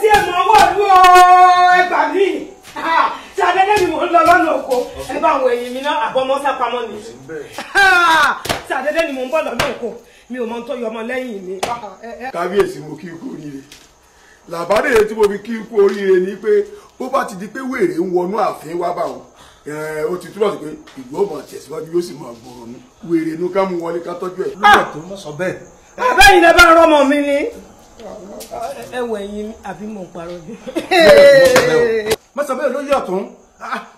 sí ẹ̀mọ́ ọwọ́ ìlú ẹgbà mi ṣàdédé ni mò ń lọ lọ́nà oko ẹ bá àwọn èyí mi náà àbọ̀ ọmọ sápamọ́ ni ṣàdédé ni mò ń bọ̀ lọ́nà oko mi ò mọ tó yọmọ lẹ́yìn mi. Ah, ah, eh, eh. kábíyèsí mo kí n kú oríire làbádé tí mo fi kí n kú oríire ni pé bó bá ti di pé wèrè ń wọnú ààfin wá bá wọn eh, ó ti túbọ̀ sí pé ìgbó mọ̀ tẹ̀síwájú yóò sì máa gbòòrò ní wèrè inú ká mú wọlé ká tọ́jú ẹ̀. lóòótọ́ mọ̀ sọ bẹ́ẹ̀. àbẹ́yìn lẹ bá rọmọ mi ni ẹ wọ ẹyin àbí mò ń bí. mọ́sán bẹ́ẹ̀ ló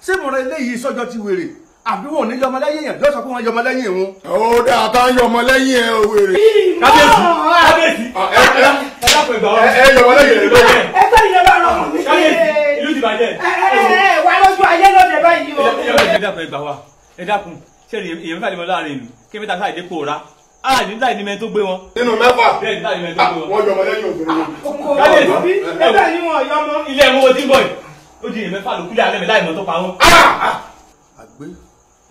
ṣé mo ra eléyìí sọ́jọ́ ti wèrè àbí wọn ò ní yọmọlẹ́yìn yẹn lọ́sọ̀ fún wọn yọmọlẹ́yìn wọn. ó dáa tá ń yọmọlẹ́yìn ẹ wèrè. kábíyèsí kábíyèsí ah, ẹ ẹ ẹ yọmọlẹ́yìn rẹ lọ́wọ́. ẹ fẹ́ ìyẹn bá rọrùn mi. kábíyèsí ìlú ti bàjẹ́. ẹ ẹ wà lójú ayé lóde báyìí o. ẹ dákun ẹ gbà ẹ dákun ṣé èèyàn fẹ́ lè mọ láàrin ìlú kí a ah, ní láì ní mẹ́tò gbé wọn. nínú mẹ́fà bẹ́ẹ̀ ní láì ní mẹ́tò gbé wọn. Ah, wọ́n yọmọ lẹ́yìn òkèrè wọn. kábíyèsí bí ẹgbẹ́ yìí wọn yọ ọmọ ilé ẹ̀wọ̀n odi bọ̀ yìí ó di èèyàn mẹ́fà ló kúlẹ̀ alẹ́ mi láì mọ́tò pa wọn. Ah, àgbẹ̀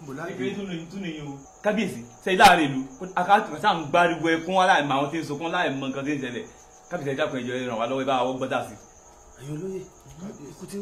mo láì gbé. ìgbésí tún ni yín o. kábíyèsí sẹ́yìn láàrin ìlú akáàtù sáà ń gbáriwo ẹkún wọn láì mọ àwọn tí ń sọkún láì mọ nǹkan tí ń ṣẹlẹ̀ kábíyèsí ẹja kan ìjọ ràn wá lọ́wọ́ ibà àwọn gbọ́dà sí. ẹ̀yin olóye ikú tí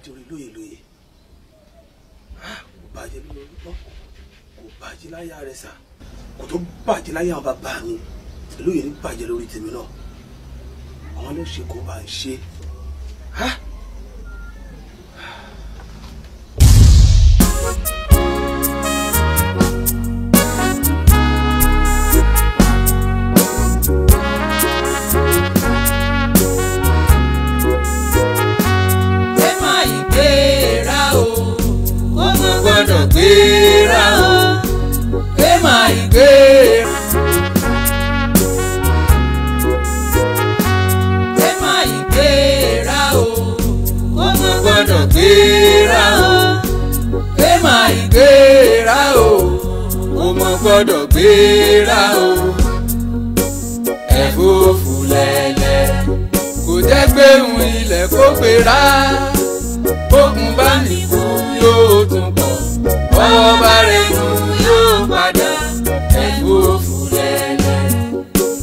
àti orí lóye lóye ah, kò bàjẹ́ lórí lọ́pọ̀ kò bàjẹ́ láyà rẹ̀ sà kò tó bàjẹ́ láyà àwọn bàbá mi lóye ní bàjẹ́ lórí tèmi náà àwọn ló ṣe kó bá ń ṣe. Ah! gbọ́dọ̀ gbéra o ẹ máa ìgbéra. ẹ o kó má gbéra o ẹ máa ìgbéra o kó o ẹ fòfò lẹ́lẹ́ kò jẹ́ gbẹ̀hùn ilẹ̀ kó gbéra bókun bá nìkú yóò bọ́ọ̀bá rẹ̀ mú yóò padà ẹ̀kú òfò lẹ́lẹ̀.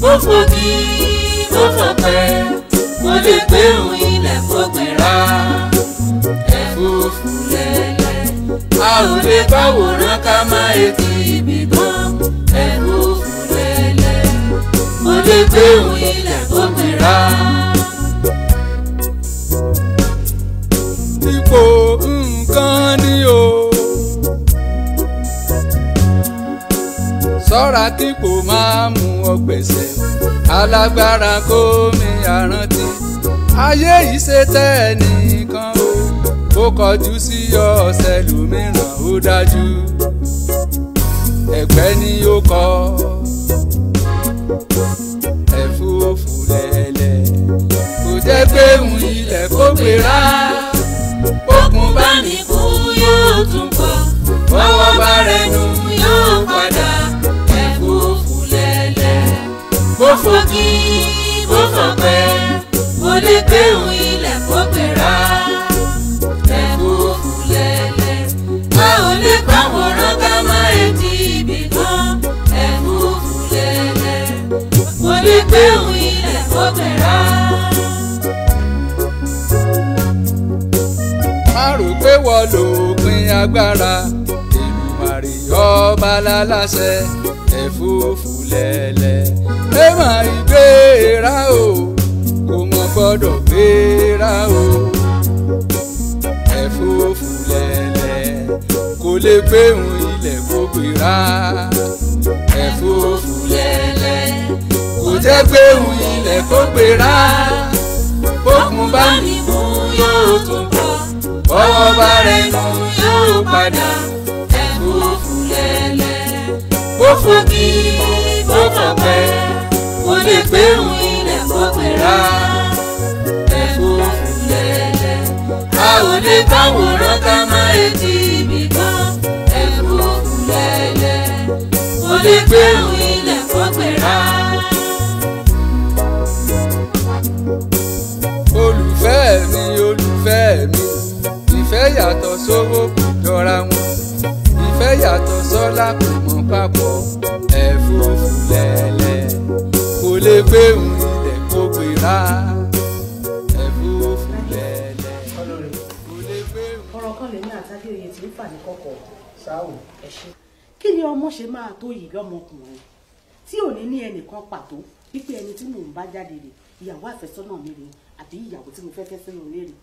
bó fò kí bó fò pẹ́ mo lè pé òun ilẹ̀ kó gbéra ẹ̀kú òfò a ò lè báwòrán ká má ètò ìbíbọn ẹ̀kú òfò lẹ́lẹ̀ mo lè pé òun ilẹ̀. tí kò máa mú ọgbẹ̀sẹ̀ alágbára kó mi àrántí ayé yìí ṣe tẹ́ ẹnìkan o ó kọjú sí ọ̀sẹ̀ lómìíràn ó dájú ẹ̀gbẹ́ ni ó kọ́ ẹ̀fúfú lẹ̀lẹ̀ kò jẹ́ pé òun ilẹ̀ kó gbéra. fòkì bó fọ̀pẹ́ mo lè kéwìn ilẹ̀ kó gbéra lẹ́mú òkúlẹ̀lẹ̀ a ò lè pàwòrán ká má retí ibì kan lẹ́mú òkúlẹ̀lẹ̀ mo lè kéwìn ilẹ̀ kó gbéra. má rò pé wọ́n lòpin agbára ìlú màrí ọba láláṣẹ ẹ̀fúùfù lẹ́lẹ̀ ṣé máa gbéra o kò mọ̀ gbọ́dọ̀ gbéra o ẹ̀fọ́fù lẹ̀lẹ̀ kò lè gbéhùn ilẹ̀ kó gbéra ẹ̀fọ́fù lẹ̀lẹ̀ kò jẹ́ gbéhùn ilẹ̀ kó gbéra bókun bá mi mú yóò tún bọ̀ bọ́wọ́ bá rẹ̀ mú yóò padà ẹ̀fọ́fù lẹ̀lẹ̀ bó fọ́ kí fìgbéhùn ilẹ̀ sópera ẹ̀kún fúlẹ̀lẹ̀ a ò lè bá wòrán ká má retí ibi kan ẹ̀kún fúlẹ̀lẹ̀ kò lè gbéhùn ilẹ̀ sópera. olùfẹ́ mi olùfẹ́ mi ìfẹ́ yàtọ̀ sówó kò jọra wọn ìfẹ́ yàtọ̀ sọ́lá kò mọ̀ papọ̀. gbé òun ilẹ̀ kó gbéra ẹ̀bù fúlẹ̀ lẹ̀ kó lè gbé òun. kí ni ọmọ ṣe máa tó yìí lọ́mọkùnrin tí ò ní ní ẹnìkan pàtó wípé ẹni tí mò ń bá jáde rè ìyàwó àfẹ́sọ́nà mi rè àbí ìyàwó tí mo fẹ́ fẹ́ sẹ́yìn rè rè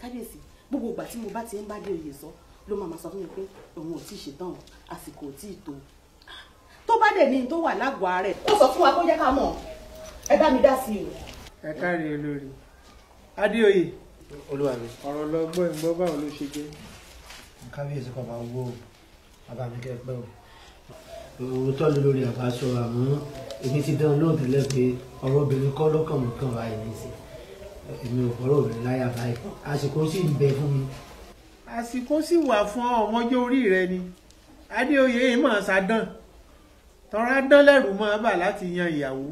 kábíyèsí gbogbo ìgbà tí mo bá ti ń bá dé oyè sọ ló máa sọ fún mi pé òun ò tí ì ṣetán àsìkò ò tí ì tó tó bá dẹ̀ ní tó wà lágọ̀ọ́ rẹ̀ ó sọ fún wa kó jẹ́ ká mọ̀ ẹ bá mi dá sí i. ẹ káre olórí adéoyè olúwa mi ọ̀rọ̀ lọ gbọ́ ẹ̀ ń gbọ́ báwo ló ṣe jẹ́. kábíyèsí kan máa wó o bàbá mi kẹ́ ẹ pẹ́ o òótọ́ ló lórí àbáṣọ àmọ́ èmi ti dán lóòdù lẹ́pẹ́ ọ̀rọ̀ obìnrin kọ́ lọ́kàn mi kàn báyìí nísìn èmi ò fọ́rọ̀ obìnrin láyà báyìí àsìkò sì ń bẹ fún mi. àsìkò sì wà fún ọmọjọ́ orí rẹ ni adéoyè yìí máa ṣàdán tọ́ra dán lẹ́rù máa bà láti yan ìyàwó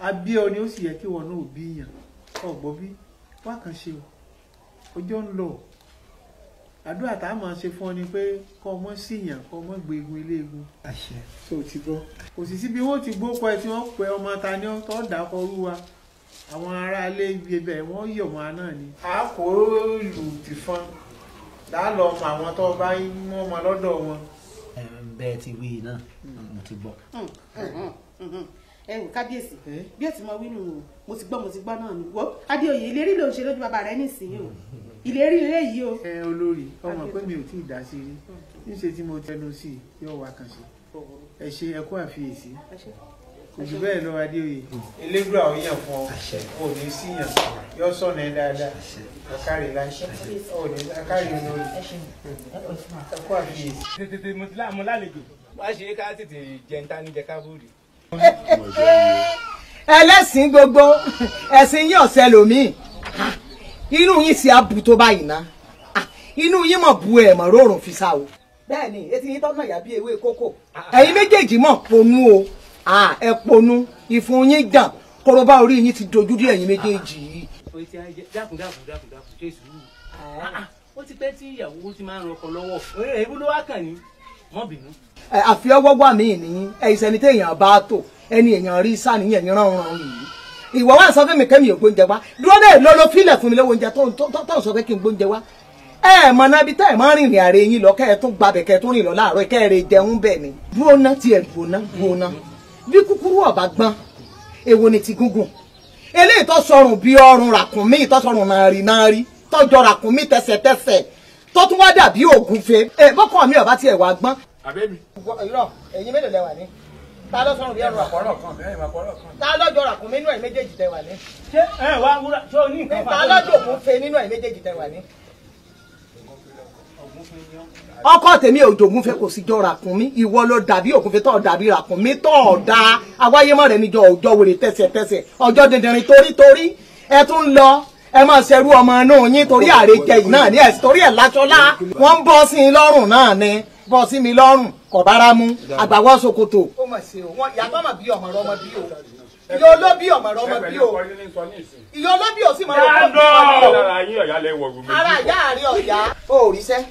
abí ọ ni ó sì yẹ kí wọn náà bí yàn ọgbọ bí wá kàn ṣe o ọjọ́ ń lọ àdúrà tá a máa ṣe fún ọ ni pé kọ ọmọ síyàn kọ ọmọ gbẹgun iléegun àṣẹ tó ti bọ kò sì síbi wọn ti gbó pọ ẹ tí wọn pẹ ọmọ ta ni tó dàkọ rúwa àwọn aráalé ibi ibẹ wọn yọ ọmọ náà ni. a kò lù tìfọn dálọ ọmọ àwọn tó bá mọ ọmọ lọ́dọ̀ wọn. bẹ́ẹ̀ ti wí náà hmm. mo ti gbọ́. Hmm. Hmm ẹ wò kábíyèsí bí ó ti mọ wínú o mo ti gbọ́ mo ti gbọ́ náà ni wo adéoyè ìlérí ló ń ṣe lójú bàbá rẹ nísìnyí o ìlérí ilé yìí o. ẹ olórí ọmọ pé mi ò tí ì dá sí rí níṣẹ́ tí mo tẹnu sí yóò wá kàn sí ẹ ṣe ẹ kú àfiyèsí òjò bẹ́ẹ̀ lọ adéoyè. elégbà ò yàn fún ọ ò ní sí yàn yóò sọ̀nà ẹ dáadáa ọ̀kárì láṣẹ ò ní ọ̀kárì olórí ẹ kú àfiyèsí. tètè mo ti láàmú lálejò wá ṣe ká tètè jẹun tání jẹ ká bóde ẹlẹ́sìn gbogbo ẹ̀sìn yín ọ̀sẹ̀ lòmíì inú yín sì á bu tó báyìí ná inú yín mọ̀ bu ẹ̀ mọ̀ rọrùn fi sá o. bẹ́ẹ̀ni etí yín tọ́nà yàbí ewé kókò. ẹ̀yin méjèèjì mọ̀ ponú o ẹ ponú ìfun yín gàn kóróbá orí yín ti dojú dé ẹ̀yin méjèèjì yìí. dákun ti pẹ́ tí ìyàwó ti máa ń rọkọ lọ́wọ́ èébú ló wá kàn ní mọ́bìnú àfi ọgbọ́gbà míì nìyí ẹ̀sẹ̀ ni téèyàn bá tò ẹni èèyàn rí sàníyàn yín rán ràn yìí ìwọ wà sọ fún mi kẹ́mi ògbó oúnjẹ wá dúró dé lọ́lọ́ fílẹ̀ fún mi lọ́wọ́ oúnjẹ tó sọ pé kí n gbóúnjẹ wá ẹ mọ náà bí tẹ́ ẹ máa ń rìnrìn àrè yín lọ kẹ́ ẹ tún gbabẹ̀ kẹ́ ẹ tún rìn lọ láàárọ̀ kẹ́ ẹ rè jẹun bẹ̀ ni. dúró ná tiẹ̀ dúró ná dúró ná bí kúkúrú ọ̀bá gbọ́n èwo ni ti gúngùn eléyìí tó sọrùn bí ọrùn ràkúnmí tó sọrùn nàárì nàárì tọjọ ràkúnmí tẹsẹtẹsẹ tó tún wá dàbí ògúnfe ẹ bọ́kàn mi ọ̀bá tiẹ̀ wá gbọ́n àbẹ́mi. irọ́ ẹ̀yin mélòó lẹ wà ní ta ló sọ̀rọ̀ bí ẹ̀rọ àkọ́rọ̀ kan ta ló jọra kún mi nínú ẹ̀ méjèèjì tẹ wà ní. ṣé ẹ wá wúra ṣé o ní nǹkan fà. ta ló jòkó fe nínú ẹ̀ méjèèjì tẹ wà ní. ọkọ tèmi ò jògún fẹ́ kò sí jọra kún mi ìwọ ló dàbí ògúnfe tó dàbí ra kún mi tó da awáyémọ rẹ níjọ òjọ wèrè tẹsẹtẹsẹ ọjọ́ dandanin torítorí ẹ tún lọ ẹ máa ṣerú ọmọ náà yín torí àrèjẹ yìí náà ní ẹ torí ẹ láṣọlá wọn ń bọ sí i lọ́rùn náà ni bọ́ sí mi lọ́rùn kò bára àgbàwọ́ ṣòkòtò. ó mà ṣe o wọn yàtọ̀ mà bí ọmọ rẹ bí o ìyá olóbì ọmọ rẹ bí o ìyá olóbì ò sì mọ ọmọ bí o ara ìyá rẹ ọ̀yá. o ò ríṣẹ́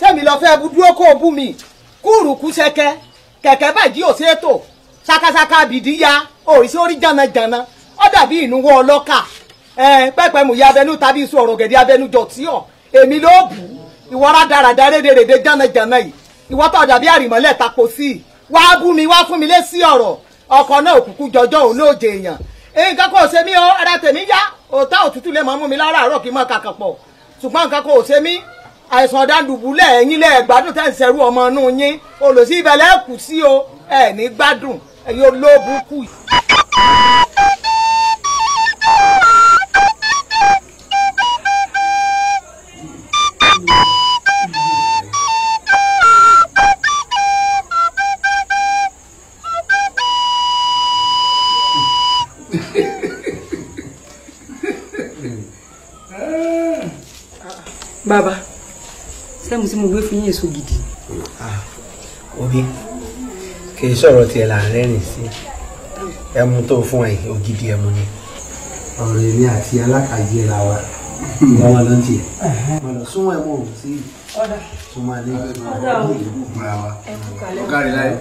sẹ́mi lọ fẹ́ bu dúró kó o bú mi kúrú kú sẹ́kẹ́ kẹ̀kẹ́ bàjí ò ṣètò ṣakaṣaka bìdí ya o sí orí jànàjànà ó dàbí ìnuwọ́ ọlọ́kà pẹ́pẹ́ mú ya abẹnú tàbí iṣu gẹ̀dẹ̀ abẹnú jọ̀tí ọ̀ èmi ló bù ú ìwọ rádaràda rédèrèdè jánajàna yìí ìwọ tó dàbí àrìmọ́lẹ̀ tako sí i wá bú mi wá fún mi lé sí ọ̀rọ̀ ọkọ̀ náà òkùnkùn jọjọ́ òun náà jẹ èèyàn nǹkan kò ṣe mí o ara tèmi yá òótọ́ òtútù lè máa mú mi láràárọ̀ kí n máa kàkà pọ̀ ṣùgbọ́n nǹkan kò ṣe mí àìsàn ọ̀dàdùbù lẹ́ẹ̀yìn lẹ́ẹ̀gbádùn tẹ̀ ń ṣẹrú ọmọ inú yín olùsí ibẹ̀ lẹ́ẹ̀kù sí o ẹ̀ ní gbádùn ẹ̀yin olóòbù yìí. Baba, bàbá sẹ́mu tí mo gbé fún yín èso gidi. Ah, obi kì í sọ̀rọ̀ tiẹ̀ là ń rẹ́rìn sí ẹmu tó fún ẹ ògidì ẹmu ni. ọ̀rọ̀ èmi àti alákàyè ra wa hmm. wọ́n wá lọ́ntì ẹ̀ wọ́n lọ súnmọ́ ẹ̀mú òun sí súnmọ́ ẹ̀ lẹ́yìn ìgbà wa ọ̀gá rẹ̀ láyé.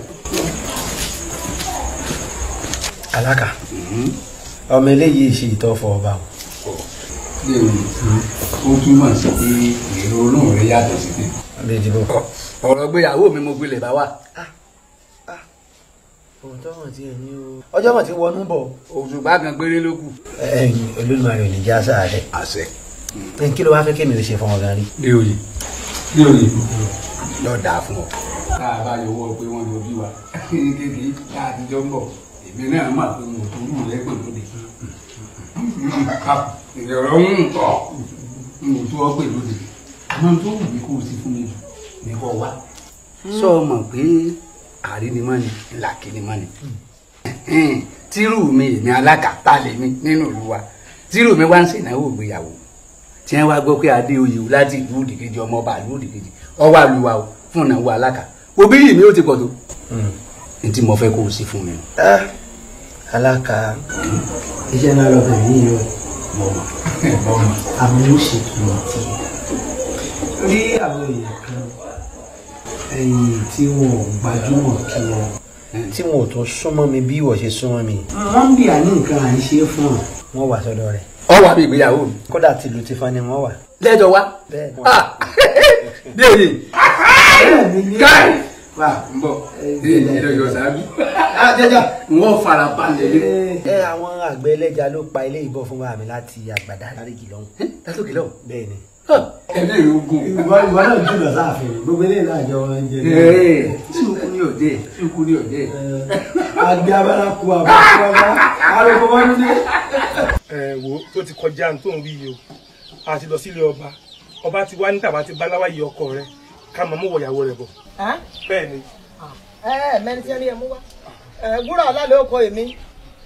alákà hmm. ọmọ eléyìí ṣe ìtọ́ fọ ọba o léwu ó túmọ̀ sí pé èrò olóhùn rẹ yàtọ̀ sí pé. ọ̀rọ̀ gbéyàwó mi mo gbilẹ̀ bá wà. Ah, ah, ah. ọjọ́ mọ̀ tí wọnú bọ̀. òṣùpá kan péré ló kù. ẹyin olódùmarè ò ní já sáà rẹ. àṣẹ. kí ló wá fẹ́ kémi ò ṣe fọmọ gan rí. lé oyè lé oyè lọ́ọ́ dà á fún ọ. tá a bá yọwọ́ pé wọ́n yọ bí wa kékeré tá a ti jọ ń bọ̀ èmi náà mà pé mo tó rú rẹ́pẹ̀ lóde ìrọ̀ ń tọ́ n ò tó ọ pè lóde àmọ́ tó wù mí kó o ti fún mi ní kọ́ wa. sọ mọ̀ pé àrínimọ́ni làkínimọ́ni tírù mi èmi alákàtà lèmi nínú ìlú wa tírù mi wá ń ṣènáwó ìgbéyàwó tí wọ́n wá gbọ́ pé adéoyè o láti ìlú òdìkejì ọmọ ọba ìlú òdìkejì ọwọ́ àlùwà o fún ìnáwó alákà òbí yìí mi ò ti pọ̀ tó. Hmm. n tí mo fẹ́ kó o sí fún mi. Ah, alákà iṣẹ́ náà lọ fẹ̀ yín o àmì ó ṣètò ọtí rí kan ẹ̀yìn tí wọn ò gbajúmọ̀ kí wọn tí wọn ò tún mi bí ìwọ ṣe súnmọ́ mi. wọ́n ń bì á ní nǹkan à ń ṣe fún ọ. wọ́n wà sọ́dọ̀ rẹ̀. mi. kódà tìlù ti fa ni wọ́n wà. wa. Ah! bẹ́ẹ̀ ni. bẹ́ẹ̀ ni. káì wa n bọ ee ẹlẹjọ sáábì ajẹjọ ah, n wọ fara balẹ̀ ni. ẹ àwọn àgbẹ̀ ẹlẹ́ja ló pa ilé ìbọn fún wa mi láti àgbàdá àríkì lọ́hùn. látòkè lọ́hùn. bẹ́ẹ̀ ni. ẹbí rẹ ogun. ìwọ ìwọ náà jùlọ sáàfin gbogbo eléyìí náà jọ wọn jẹ. sunkún ní òde sunkún ní òde. adé abala kú abala arúgbó wọn dé. ẹ wo tó ti kọjá tó ń wí yìí o a ti lọ sílé ọba ọba ti wá níta bá ti bá láwáyé ọkọ rẹ ká mọ̀ mú wọ ìyàwó rẹ̀ bọ̀. bẹ́ẹ̀ ni. Ah. ẹ ẹ mẹni tí ẹ ní ẹ mú wá. wúrọ̀ ọ̀làlẹ́ oko èmi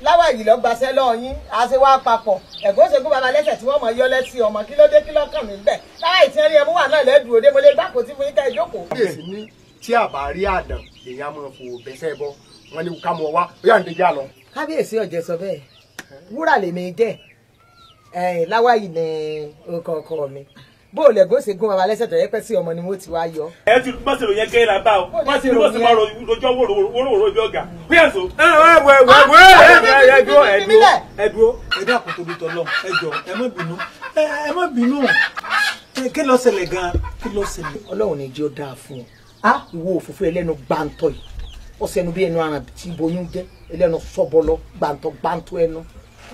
láwọ̀ èyí lọ gbaṣẹ́ lọ́ọ́ yín a ṣe wá papọ̀ ẹ̀gbọ́n ṣègùn baba lẹ́sẹ̀ tí wọ́n mọ̀ yọ lẹ́sí ọmọ kí ló dé kí lọ́kàn mi bẹ̀ láwọ̀ èyí tí ẹ ní ẹ mú wá náà lẹ́dùn òde mo lè gbà kó tí mo yí ká ìjókòó. kábíyèsí ní tí àbá rí àdàn èèyàn máa fò bẹ́sẹ̀ bọ́ wọn ni ká mọ wá ó ń dejá lọ. kábíyèsí ọ̀jẹ̀ sọ bẹ́ẹ̀ wúrà lèmi jẹ́ láwọ̀ yìí ni ọkọ̀ mi bóò lẹ̀ gbóòsè gún baba lẹ́sẹ̀ tó yẹ pẹ́ sí ọmọ ni mo ti wá yọ. ẹ ti bá ṣe ròyìn kẹ́hìn lábá o wọ́n ti ní bó ṣe máa rojọ́ wòròwòrò ibi ọ̀gá wíyà so. ẹ ẹ wẹ wẹ ah, wẹ ẹ dúró ẹ dúró ẹ dúró ẹ dá àpótò bí tọ́lọ́ ẹ jọ ẹ má bínú ẹ má bínú kí ló ṣẹlẹ̀ gan-an kí ló ṣẹlẹ̀. ọlọ́run ní jí ó dáa fún ọ ìwọ òfófó ẹlẹ́nu gbàǹtọ̀ yìí ọ̀sẹ̀ ẹnu bí ẹnu aràn tí boyún jẹ́ ẹlẹ́nu sọ́bọlọ gbàǹtọ̀ gbàǹtọ̀ ẹnu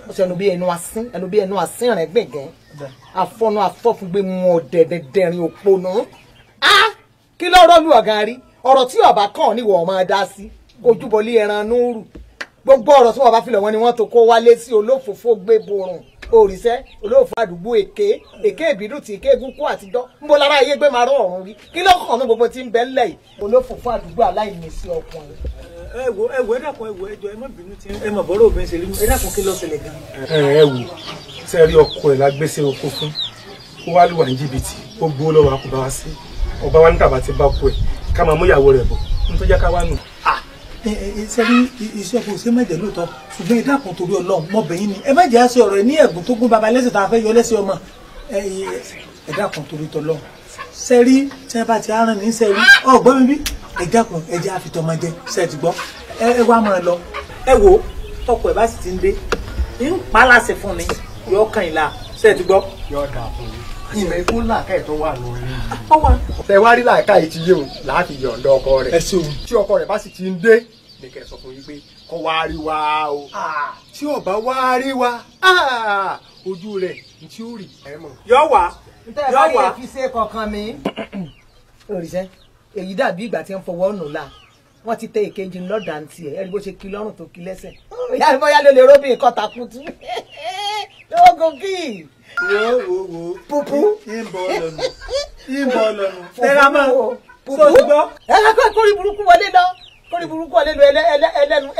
ọ̀sẹ̀ ẹnu bí ẹnu asín ẹnu bí ẹnu asín rẹ̀ gbẹ̀gẹ́ afọ́nú afọ́fúngbé mu ọ̀dẹ̀dẹ̀dẹ̀rin òpónà á kí lọ́rọ́ lu ọ̀gá rí ọ̀rọ̀ tí ọba kàn níwọ̀ máa dá sí ojúbọlé ẹran núrù gbogbo ọ̀rọ̀ tí wọ́n bá filẹ̀ wọn ni wọ́n tó kó wálé sí olófòfó gbé borùn òrìṣẹ́ olóòfò àdúgbò èké èké ìbídùn tí èké egun kó àtijọ́ ń bọ́ lára ayé gbé máa rọ ọ̀run rí kí ló kàn ní gbogbo tí ń bẹ ńlẹ̀ yìí olófòfó àdúgbò aláìníṣẹ́ ọkùnrin. ẹ wo ẹ wo ẹ dàpọ̀ ẹ wo ẹjọ ẹ má bínú tí ẹ mọ̀ bọ́rọ̀ obìnrin ṣe rí mú wo ṣe rí ọkọ ẹ̀ lágbèsè oko fún ó wá lùwà ní jìbìtì ó gbó lọ́wọ́ àkùbá wá sí ọba wa níta bá ti bá ọkọ ẹ̀ ká máa mú ìyàwó rẹ̀ bọ̀ nítorí jẹ́ ká wá nù. ṣe rí iṣẹ́ kò ṣe mẹ́jẹ̀ lóòótọ́ ṣùgbọ́n ìdáàkùn torí ọlọ́run mọ́bẹ̀yìn ni ẹ má jẹ́ àṣẹ ọ̀rọ̀ ní ẹ̀gùn tó gún baba lẹ́sẹ̀ tá a fẹ́ yọ lẹ́sẹ̀ ọmọ ẹ̀dáàkùn torí tọlọ́run ṣe rí tí wọ́n bá ti rán ní ṣe rí ọ̀gbọ́n mi bí ẹ̀dáàkùn ẹ̀jẹ̀ àfitọ́mọdé ṣe ti gbọ́ ẹ wá máa lọ ẹ wo ọkọ̀ ẹ̀ bá sì ti ń dé ń pa láṣẹ fún mi yọ kàn ìlà ṣe ti gbọ́. yọ dà fún mi ìmọ̀ ikú làákàyè tó wà lórí. ṣe wá rí làákàyè ti yé o láti yọ̀ǹda ọkọ rẹ̀ tí ọkọ rẹ̀ bá sì ti ń dé ní kẹ́ ẹ sọ fún yín pé kọ́ wá rí wa o tí ọba wá rí wa ojú rẹ̀ ní tí ó rì ẹ̀ mọ̀. yọ wá yọ wá. fi ṣe kankan mi. òrìṣẹ́ èyí dàbí ìgbà tí wọ́n fọwọ́ nù la wọ́n ti tẹ ìkejì lọ́dà ní tiẹ̀ ẹ̀rí bó ṣe kí lọ́rùn tó kí lẹ́sẹ̀. ìyá mi bóyá ló lè róbì nǹkan takùn ogun kí. wo wo wo pupu. ìbọn lọnà ìbọn lọnà. tẹ́lá máa pupu. tó ti gbọ́. ẹ kọ́ kórì burúkú wọlé lọ kórì burúkú wọlé lọ ẹlẹ́nu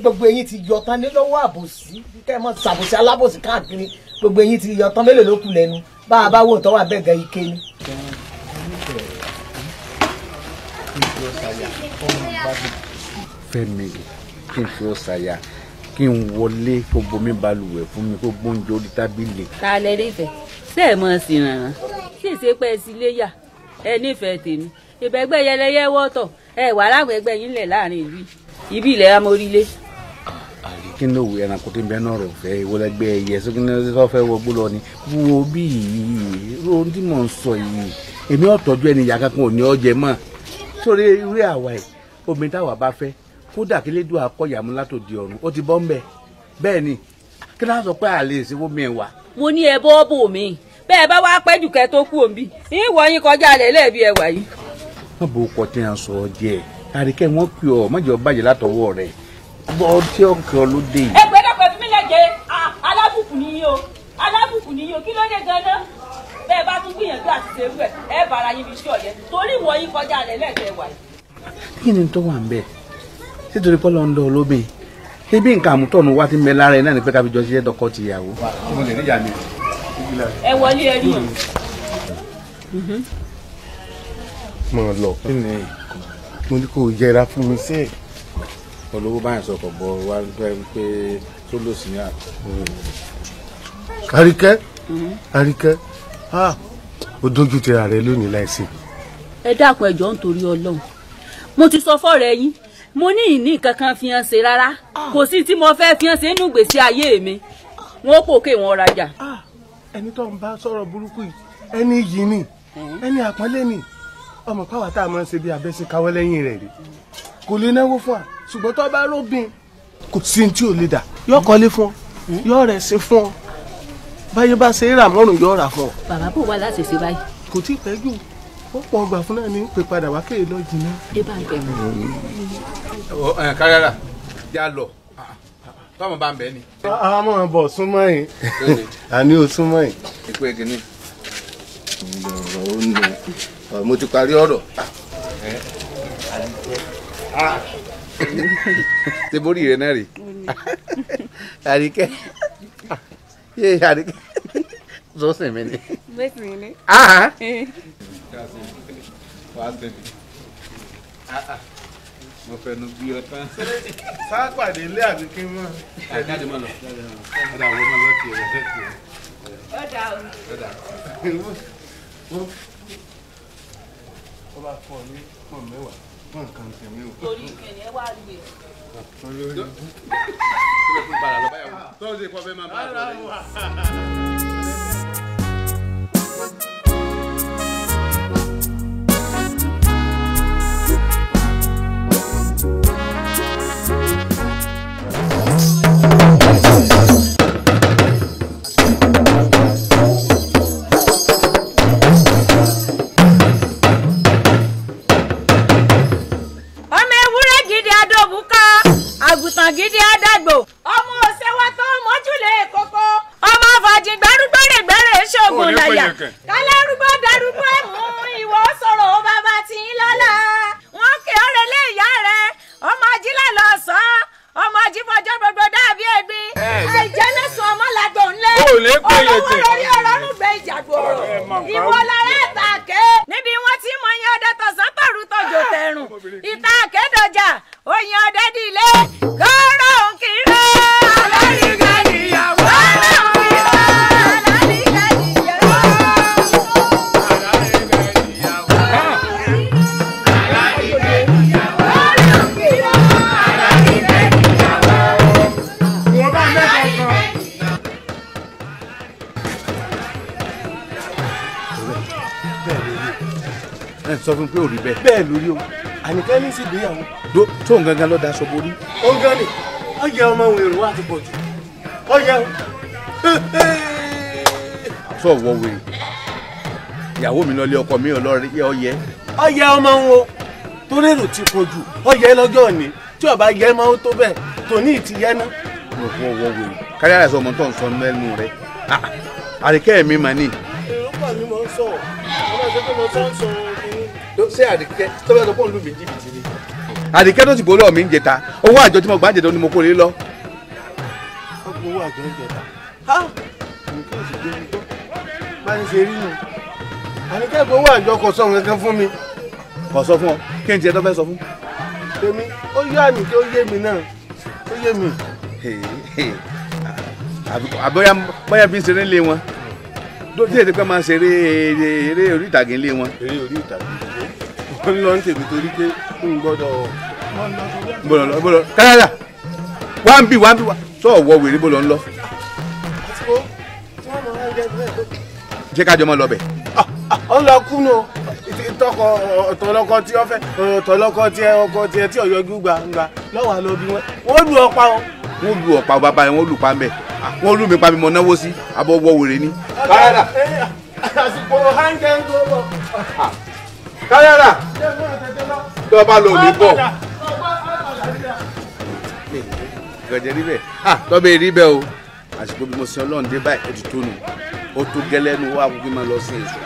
gbogbo eyín ti yọ tán lọ́wọ́ àbòsí kẹ́ ẹ mọ̀ ṣàbòsí alábòsí káàkiri gbogbo eyín ti yọ tán mélòó ló kù lẹ́nu bá a bá wò tọ́wọ́ abẹ́gẹ́ ike ni. Fẹ́mi kí n fi ó ṣàyà kí n wọlé kó bomi balùwẹ̀ fún mi kó gbóúnjẹ orí tábìlì. ta lẹ nífẹ̀ẹ́ ṣé ẹ mọ̀ ọ́ sí rànràn ṣé èsè pẹ́ ẹ sí léyà ẹ nífẹ̀ẹ́ tèmi ìbẹ́gbẹ́ yẹlẹyẹ wọ́tọ̀ ẹ wà láwọn ẹgbẹ́ yín lẹ̀ láàrin ìlú ibi ilẹ̀ amórílé. kí ló wù ẹranko tí ń bẹ náà rò fẹ́ ìwọlẹ́gbẹ́ ẹyẹ sókínlẹ́ tó fẹ́ wọgbó lọ ni wo bí yìí ohun tí mò ń sọ yìí èmi ọ̀tọ́jú ẹni ìyá kankan ò ní ọ̀jẹ̀ sórí irú àwa ẹ̀ omi táwa bá fẹ́ kódà kí lédu àkọyàmú látòdì ọ̀run ó ti bọ́ ń bẹ bẹ́ẹ̀ ni kí náà sọ pé àlè ìṣèwọ́ mi wà. mo ní ẹ bọ́ bò mí bẹ́ẹ̀ bá wàá pẹ́ jù kẹ́ tó kú òǹbí ìwọ yín kọjá alẹ́ lẹ́ẹ̀bi ẹwà yìí. má bò ó kọ tí wọn sọ ọ jẹ àríkẹ́ wọn kì ọ má jẹ́ ọ bàjẹ́ látọwọ́ rẹ bọ́ ọtí ọkàn olóde yìí. ẹgbẹ́ dọ́kọ̀ fún ló dé gan-an bẹ́ẹ̀ bá tún nítorí pé lọ́n lọ lóbì ṣé bí nǹkan àmútọ̀nù wá ti mẹ lára ẹ̀ náà ni pé ká fi jọ ṣiṣẹ́ dọkọ tìyàwó. ẹ wọlé ẹ rí o. mo lọ kí ni mo ní kò yẹra fún mi sí. olówó báyìí sọkọ bọ wá pé tó lò sí ní àríkẹ́ mhm. àríkẹ́ ó dójú tira rẹ lónìí láìsí. ẹ dákun ẹjọ ń torí Ọlọ́run mo ti sọ fọrẹ yín mo ní ìní kankan fi hàn ṣe rárá ah. kò sí tí mo fẹ́ fi hàn ṣe nínú gbèsè ayé mi ah. wọn kò ké wọn rajà. Ah. ẹni tó ń bá sọ̀rọ̀ burúkú yìí ẹni yìí ni ẹni àpọ́nlé ni ọmọ pàwọ́ tá a máa ń ṣe bí abẹ́sẹ̀ káwọ́ lẹ́yìn rẹ̀ rí kò lè náwó fún wa ṣùgbọ́n tó bá róbin kò sí tí ò lè dà yóò kọ́lé fún ọ yóò rẹ̀ sí fún ọ báyé bá ṣe rà mọ́rùn yóò rà fún ọ. bàbá bò wá láti ṣe báyìí. kò tí ì pẹ́ jù wọ́n pọ̀ ọgbà fún náà ní pè padà wá kéè lọ jìnnà. ẹ bá ń bẹ̀ mọ́. kárẹ́rà já lọ tọ́mọ bá ń bẹ̀ ni. a mọ̀ bọ̀ súnmọ́ yìí àní o súnmọ́ yìí. ìpè kìíní. mo ti parí ọ̀rọ̀. teborí ah. rẹ náà rè. àríkẹ́ àríkẹ́ zosin ah. eh. mi ni. zosin mi ni. mo fẹnu bí ọ tán. sáà pàdé ilé àbí kí n mọ. Ah, jáde mọ lọ ọdà wo mọ lọtì ẹ lọtì ẹ. ọdà o. ọdà o. ó bá fọ ní pọ̀ mẹ́wàá pọ̀ nǹkan tẹ̀mí o. torí kẹ̀lẹ́ wà lè olórí. tó lè fún padà lọ báyàwó. tó lè fún padà lọ Peace. tó ń gangan lọ da aṣọ borí. ó ń gan ni ó yẹ ọmọ wèrè wá ti pọ̀ jù ó yẹ o. aṣọ wọ wèrè ìyàwó mi náà lé ọkọ mi ọlọ́rẹ́ ọyẹ. ọyẹ ọmọ ń wo torí èrò ti pọ̀ jù ọyẹ lọ́jọ́ òní tí ọba yẹ máa ń tó bẹ́ẹ̀ tòní ìtì yẹ ná. mo fọ ọwọ́ wèrè kárí àìsàn ọmọ tó ń sọ lẹ́nu rẹ àríkẹ́ mi mà ní. èrò pa mi mọ̀ ń sọ̀rọ̀ ọmọ ìṣẹ́fẹ́ mọ̀ ń sọ̀rọ̀ ṣé àríkẹ́ tọ́lá tó pọ̀ ń lù mí jìbìtì ni àdìkẹ́ tó ti bọ́ lọ́ọ̀ mi ń jẹta owó àjọ tí mo gbà ń jẹta ni mo kó lé lọ. owó àjọ ń jẹta ha nǹkan ọ̀sìn jẹ́ mi gbọ́ bá ní ṣe rí nù àdìkẹ́ owó àjọ kò sọ nǹkan fún mi. kò sọ fún ọ kí n tiẹ̀ tó fẹ́ sọ fún. èmi ó yé àmì tí ó yé mi náà ó yé mi. àbóyá bóyá bí ń ṣeré ńlé wọn lójú èdè pé máa ṣeré eré orí ìtàgé ńlé wọn. eré orí ìtàgé wọn lọ ń tèmi torí pé gbọ́dọ̀ gbọ́dọ̀ lọ gbọ́dọ̀ kárádà wá ń bì wá ń sọ wèrè bó lọ ń lọ. ṣé kájọ mọ lọbẹ. ó lọ kú tọkọ tọlọkọ tí ọ tọlọkọ tí ọkọ tí ẹ tí ọyọ ńgbà àlọ bí wọn wọn ọpa wọn ọpa bàbá yẹn wọn tí wọ́n bá lò ní bọ̀ gẹ̀jẹ̀ rí bẹ́ẹ̀ ah, tọ́bẹ̀ rí o àsìkò bí mo sin ọlọ́run dé báyìí ó ti tó nu ó tó gẹ́lẹ́nu wá gbogbo máa lọ sí èso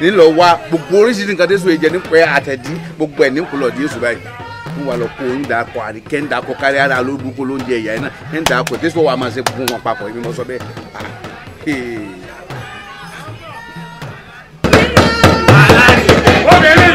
nílò wá gbogbo oríṣiríṣi nǹkan tẹ́sùn èjẹ nípẹ́ àtẹ̀dí gbogbo ẹ̀ nípò lọ́ọ̀dí èso báyìí fún wa lọ kó oyún dàkọ àríkẹ́ ń dàkọ kárí ara lórúkọ lóúnjẹ ìyá ẹ̀ náà ẹ̀ ń dàkọ wa máa ṣe fún wọn papọ̀ èmi sọ bẹ́ẹ̀. Ah, obìnrin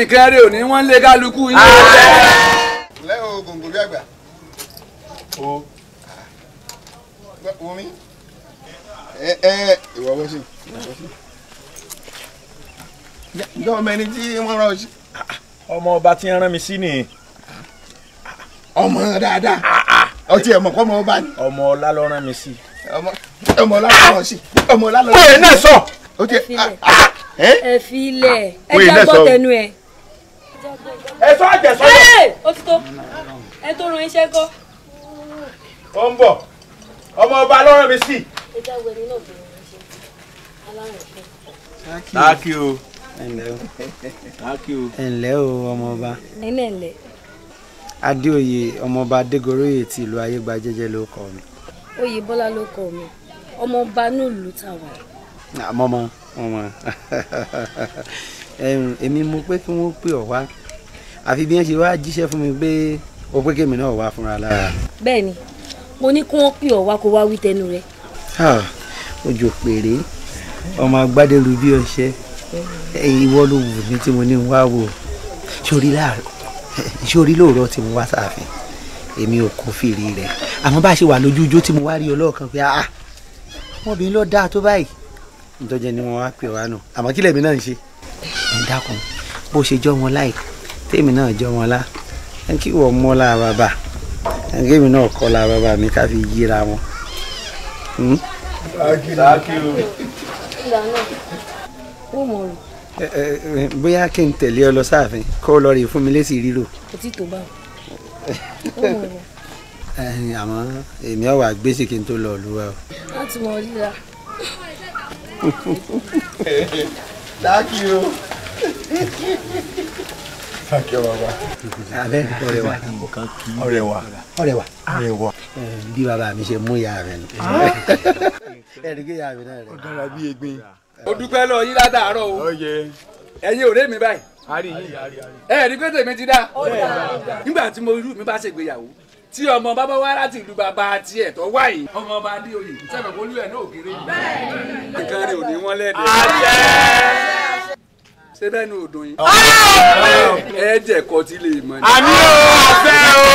nǹkan rí òní wọ́n lé kálukú yín. lẹ́wọ̀n gòǹgò bí àgbà. o wọ́n mi ẹ ẹ ìwọ wọ́n sì ǹjọ́ ọmọ ẹni tí wọ́n rán ọ sí. ọmọ ọba tí ń rán mi sí nìyí. ọmọ dáadáa ọtí ah, ah. ẹ̀ mọ̀ kọ́ ọmọ ọba ni. ọmọ ọlá ló rán mi sí. ọmọ ọlá ló rán ọ sí. ọmọ ọlá ló rán ọ sí. pé náà sọ. ẹ fi ah, ẹ jágbọ́ tẹnu ẹ ẹ̀sọ́ àjẹsọ́nà. ó ti tó ẹ tó ran iṣẹ́ gọ́. ó ń bọ̀ ọmọ ọba lọ́rọ̀ mi sí. táàkì o táàkì o. ẹ̀ǹlẹ́ o ọmọ ọba. ẹ̀ǹlẹ́ ẹ̀ǹlẹ́. adéoyè ọmọọba adégoróyè ti ìlú ayégbà jẹjẹ ló kọ mi. oyè bọ́lá ló kọ mi ọmọọba nílùú tàwa. àmọ́ mọ́ mọ́ èmi mo pé kí wọ́n pè ọ́ wá àfi bí wọ́n ṣe wá jíṣẹ́ fún mi pé ó pé kémi náà wá fúnra lára. bẹ́ẹ̀ni mo ní kí wọn pè ọ wá kó wá wí tẹnu rẹ. ojú péré ọmọ agbádẹrù bí ọṣẹ ìwọ ló wù mí tí mo ní wá wò sórí lóòrọ̀ tí mo wá sáàfin èmi ò kó fìrí rẹ àmọ́ bá a ṣe wà lójú ijó tí mo wá rí ọlọ́ọ̀kan pé ah wọn bí lọ dáa tó báyìí ìtọ́jẹ ni wọ́n wá pè wá nù àmọ́ kílẹ̀ mi náà ń ṣe. ẹ dákun bó ṣe jọ́ wọn láìpẹ́ tèmi náà jọ wọn lá kí wọ́n mọ́ la bàbà kí èmi náà kọ́ la bàbà mi ká fi yíra wọn. Hmm? bóyá kí n tẹ̀lé ọ lọ sáàfin kó lọ rí fún mi lé sí ríro. àmọ́ èmi ọ̀ wá gbèsè kí n tó lọ lù wá o. láti mọ ríra. Thank you thank you baba. wa ọ̀rẹ́ wa ọ̀rẹ́ wa ọ̀rẹ́ wa. Eh, baba mi ṣe mú ìyá rẹ nù. Ah. ẹni kí ìyá mi náà rẹ. ó dára bí egbin. o dúpẹ́ lọ yín ládàárọ̀ mi báyìí. ẹ ẹ̀rí pé tèmi ti dá nígbà tí mo irú mi bá ṣègbéyàwó tí ọmọ bàbá wá láti ìlú bàbá tiẹ̀ tó wá yìí. ọmọ ọba adéoyè sẹ́fẹ̀ kó lú ẹ̀ náà kéré yìí. nǹkan rẹ̀ ò ní wọ́n lẹ́ẹ̀dẹ̀ ṣé bẹ́ẹ̀ ni ò dùn ah! ẹ jẹ́ kọtí lè mọ ni. àmì ò fẹ́ o.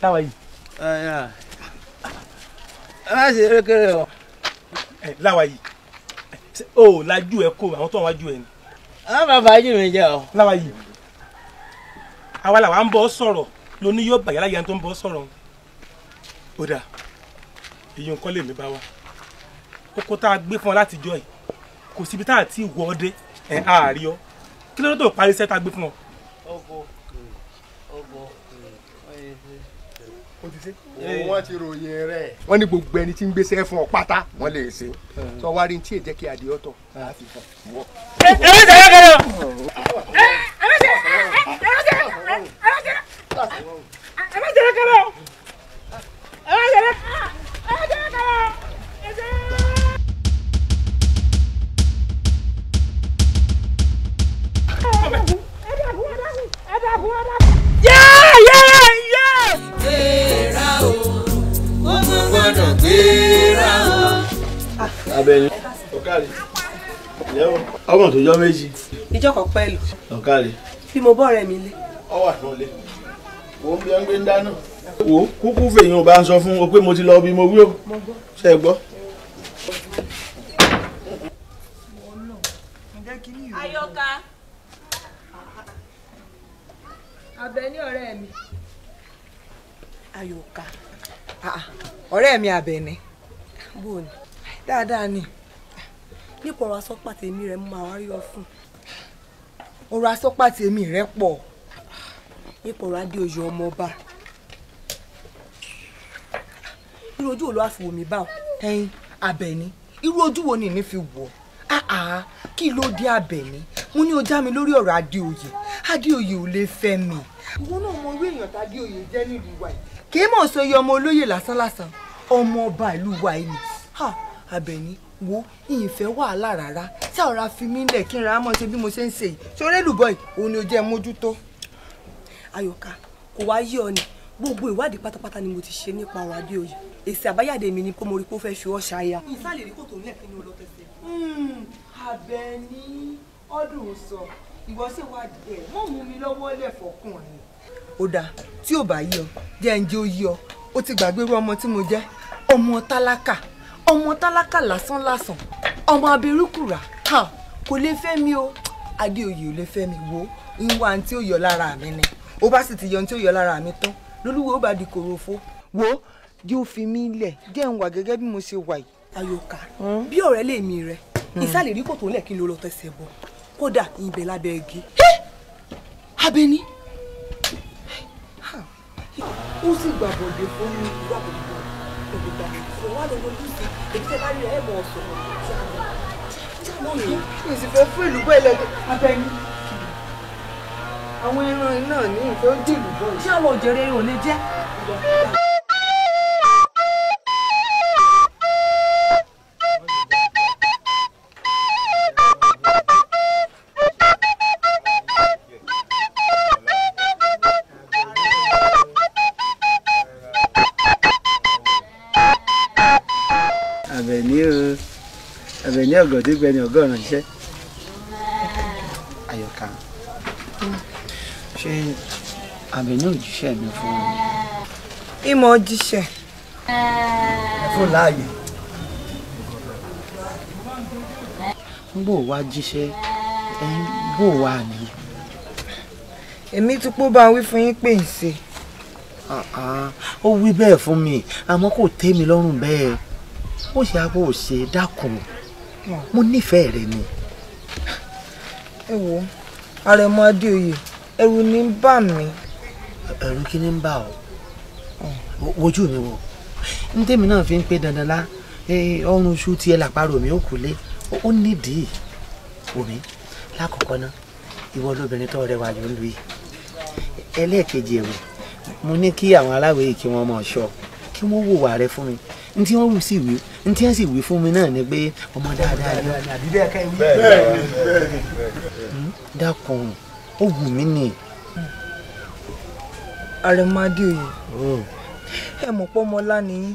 táwa yìí. ẹ má ṣe erékeré o. ẹ láwa yìí o ò lajú ẹ kó àwọn tó ń wájú ẹ ni. àwọn bàbá yìí mi jẹ o. láwa yìí àwa làwa ń bọ́ sọ̀rọ̀ lóní yóò bàyá láyé tó ń bọ́ sọ̀rọ̀ ó dà èyí nǹkan lèmi bá wa kókó tá a gbé fún ọ láti jọ ẹ kò síbi tá a ti wọ ọdẹ ẹ àárí ọ kí ló dé tó parí a gbé fún o ti ṣe. wọ́n ti ròyìn rẹ̀. wọ́n ní gbogbo ẹni tí ń gbéṣẹ́ fún ọ pátá wọ́n lè ṣe. sọ wá rí ní tí kí adìẹ ọ̀tọ̀. Ada, ada, ada, ada gbéra o ó mọ gbọ́dọ̀ gbéra o. abẹni ọkàlì ìyẹwò ọmọ tó jọ méjì. ìjọ kan pẹ̀lú. ọkàlì. bí mo bọ́ rẹ̀ mi lé. ọwà tó lé wo bí wọn gbé ń dáná. wo kúkú fèyàn bá ń sọ fún o pé mo ti lọ bí mo wí o ṣe gbọ́. ayọ̀ka abẹ ní ọ̀rẹ́ mi ayọ̀ká. Ah, ah. ọ̀rẹ́ mi àbẹ̀ni. bó o ní. dáadáa ni. nípa ọ̀rọ̀ asọ́pà tèmi rẹ̀ mo máa wá rí ọ fún. ọ̀rọ̀ asọ́pà tèmi rẹ̀ pọ̀. nípa ọ̀rọ̀ adéoyè ọmọọba. irú ojú wo ló wá fi wò mí báwo. ẹyin àbẹ̀ni irú ojú wo ni ìní fi wò ọ́ àá kí ló dé Àbẹ̀ní mo ní o já mi lórí ọ̀rọ̀ Adéoyè Adéoyè ò lè fẹ́ mi. ìwọ náà mọ irú èèyàn tÀdéoyè jẹ́ nílùú wa yìí. kì í mọ̀ sọ iye ọmọ olóyè lásán lásán ọmọ ọba ìlú wa yìí ni. Àbẹ̀ní wo ìyìnfẹ́ wàhálà rárá tí àwọn afi mi lẹ̀ kí n ra mọ̀ ṣe bí mo ṣe ń ṣe yìí ṣoré lùbọ̀ yìí òun ni o jẹ́ mójútó. Àyọ̀ká kò wá yí ọ ni gbogbo ìwádìí pátápátá ni mo ti ṣe nípa ọ̀rọ̀ Adéoyè èsì àbáyàdé mi ni pé mo rí pé fẹ́ fi ọ́ ṣaya. Àbẹ̀ní hmm, ọdún sọ ìwọ sì wá díẹ̀ mọ́ mú mi lọ́wọ́ lẹ́fọ̀ọ́kùnrin. ó dáa tí ò bá yí ọ jẹ́ ń ó yí ọ ó ti gbàgbé irú ọmọ tí mo jẹ́ ọmọ tálákà ọmọ tálákà lásán lásán ọmọ abirúkùrà kò lè fẹ́ mi o adéoyè ò lè fẹ́ mi wò ń wá ohun tí ó yọ lára mi ni ó bá sì ti yọ ohun tí ó yọ lára mi tán lólúwo ó bá di kòròfo wò jẹ́ òfin mi lẹ̀ jẹ́ ń wà gẹ́gẹ́ bí mo ṣe wà yìí àyòká hmm? bí ọ̀rẹ́ lè mi rẹ hmm. ìsàlẹ̀ rí kòtò lẹ̀ kí n lọ lọ tẹsẹ̀ bọ̀ kódà ibẹ̀ lábẹ́ igi. Abẹ́ni ó sì gbàbọ̀dé fún mi gbàbọ̀dé ìgbà fún wa lọ́wọ́ lùsì èyí tẹ́ bá rí ẹ̀ mọ̀ sọ̀rọ̀ tí a mọ̀ tí a mọ̀ yìí mi sì fẹ́ fún ìlú bẹ́ẹ̀ lẹ́jọ́ Abẹ́ni àwọn ẹran náà ní ìfẹ́ ó dìlú bọ́ọ̀lù. ṣé àwọn òjèrè ò lè jẹ́. iṣẹ́ ọ̀gọ̀dé gbẹni ọgọ́rùn-ún iṣẹ́. Àyọ̀ká ṣé àmì náà jíṣẹ́ mi fún un. Ìmọ̀ jíṣẹ́. Fún láàyè. Bó o wá jíṣẹ́, bó o wá ni. Èmi ti pọ́ bá wí fún yín pé ń ṣe. Ó wí bẹ́ẹ̀ fún mi, àmọ́ kò tẹ́ mi lọ́rùn bẹ́ẹ̀. Ó ṣe àbò ṣe dákun mo nífẹ̀ẹ́ rẹ ni. ẹ wo àrẹ̀mọ adéoyè ẹ̀rù ni ń bà mí. ẹ̀rù kí ni ń bà ọ́ wojú mi wò ní tèmi náà fi ń pé dandan lá ọrùn oṣù tiẹ̀ làpárò mi ò kúlé ó nídìí omi lákọ̀ọ́kọ́ náà ìwọ lóbìnrin tó rẹwà ló ń lu yìí ẹlẹ́ẹ̀kejì ẹ̀wẹ̀ mo ní kí àwọn aláwẹ̀ yìí kí wọ́n mọ̀ ọ́ ṣọ́ kí wọ́n wò wà rẹ fún mi n tí wọ́n wù sí ìwé n tí wọ́n sì wí fún mi náà ni pé ọmọ dáadáa ni hmm, dákun ó wù mí nì. àrẹ̀mọ́dé òye ẹ mọ̀ pé ọmọlá ni yín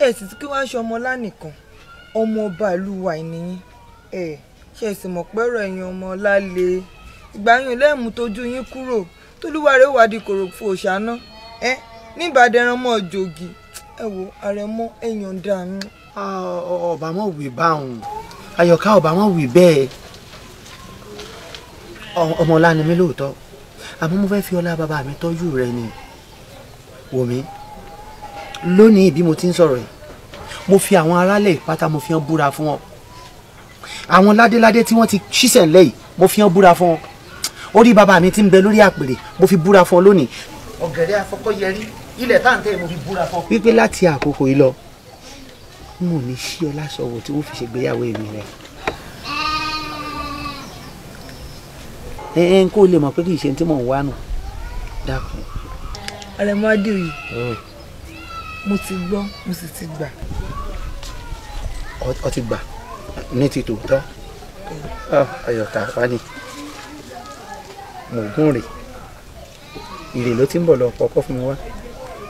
ẹ sì ti kí wọ́n á ṣe ọmọlá nìkan ọmọ ọba ìlú wa ni yín ẹ ṣe sì mọ̀ pẹ́rọ ẹ̀yìn ọmọlá le ìgbà yín lẹ́ẹ̀mú tójú yín kúrò tólúwarẹ̀ wádìí kòròfò ṣáná ẹ níbàdàn ọmọ òjògì ẹ wo àrẹ̀mọ ẹ yọ̀ǹda mi. ọba mọ̀ wí báwọn ayọ̀ká ọba mọ̀ wí bẹ́ẹ̀ ọmọ ọlá ni mí lóòótọ́ àmọ́ mo fẹ́ fi ọlá bàbá mi tọ́jú rẹ ni wòmí lónìí bí mo ti ń sọ̀rọ̀ yìí mo fi àwọn aráàlẹ̀ ìpátá mo fi hàn búra fún ọ àwọn ládéládé tí wọ́n ti ṣiṣẹ́ ńlẹ̀ yìí mo fi hàn búra fún ọ orí bàbá mi ti ń bẹ lórí àpèrè mo fi búra fún ọ lónìí ọ̀gẹ̀dẹ̀ afọkọ́yẹrí ilẹ̀ tá à ń tẹ́ mo fi búra fọ́. wípé láti àkókò yìí lọ mo ní sí ọ lásọwọ tí wọn fi ṣègbéyàwó èmi rẹ. ẹ ẹ ń kó lè mọ̀ pé kì í ṣe tí mò ń wá nù dákun. ọ̀rẹ́ mọ́ adé òye hmm. mo ti gbọ́ mo sì ti gbà. ọ ti gbà ní ti tòótọ́ hmm. ah, ayọ̀tà fani mògùn rè ìrè ló ti ń bọ̀ lọ pọ̀kọ́ fún mi wá.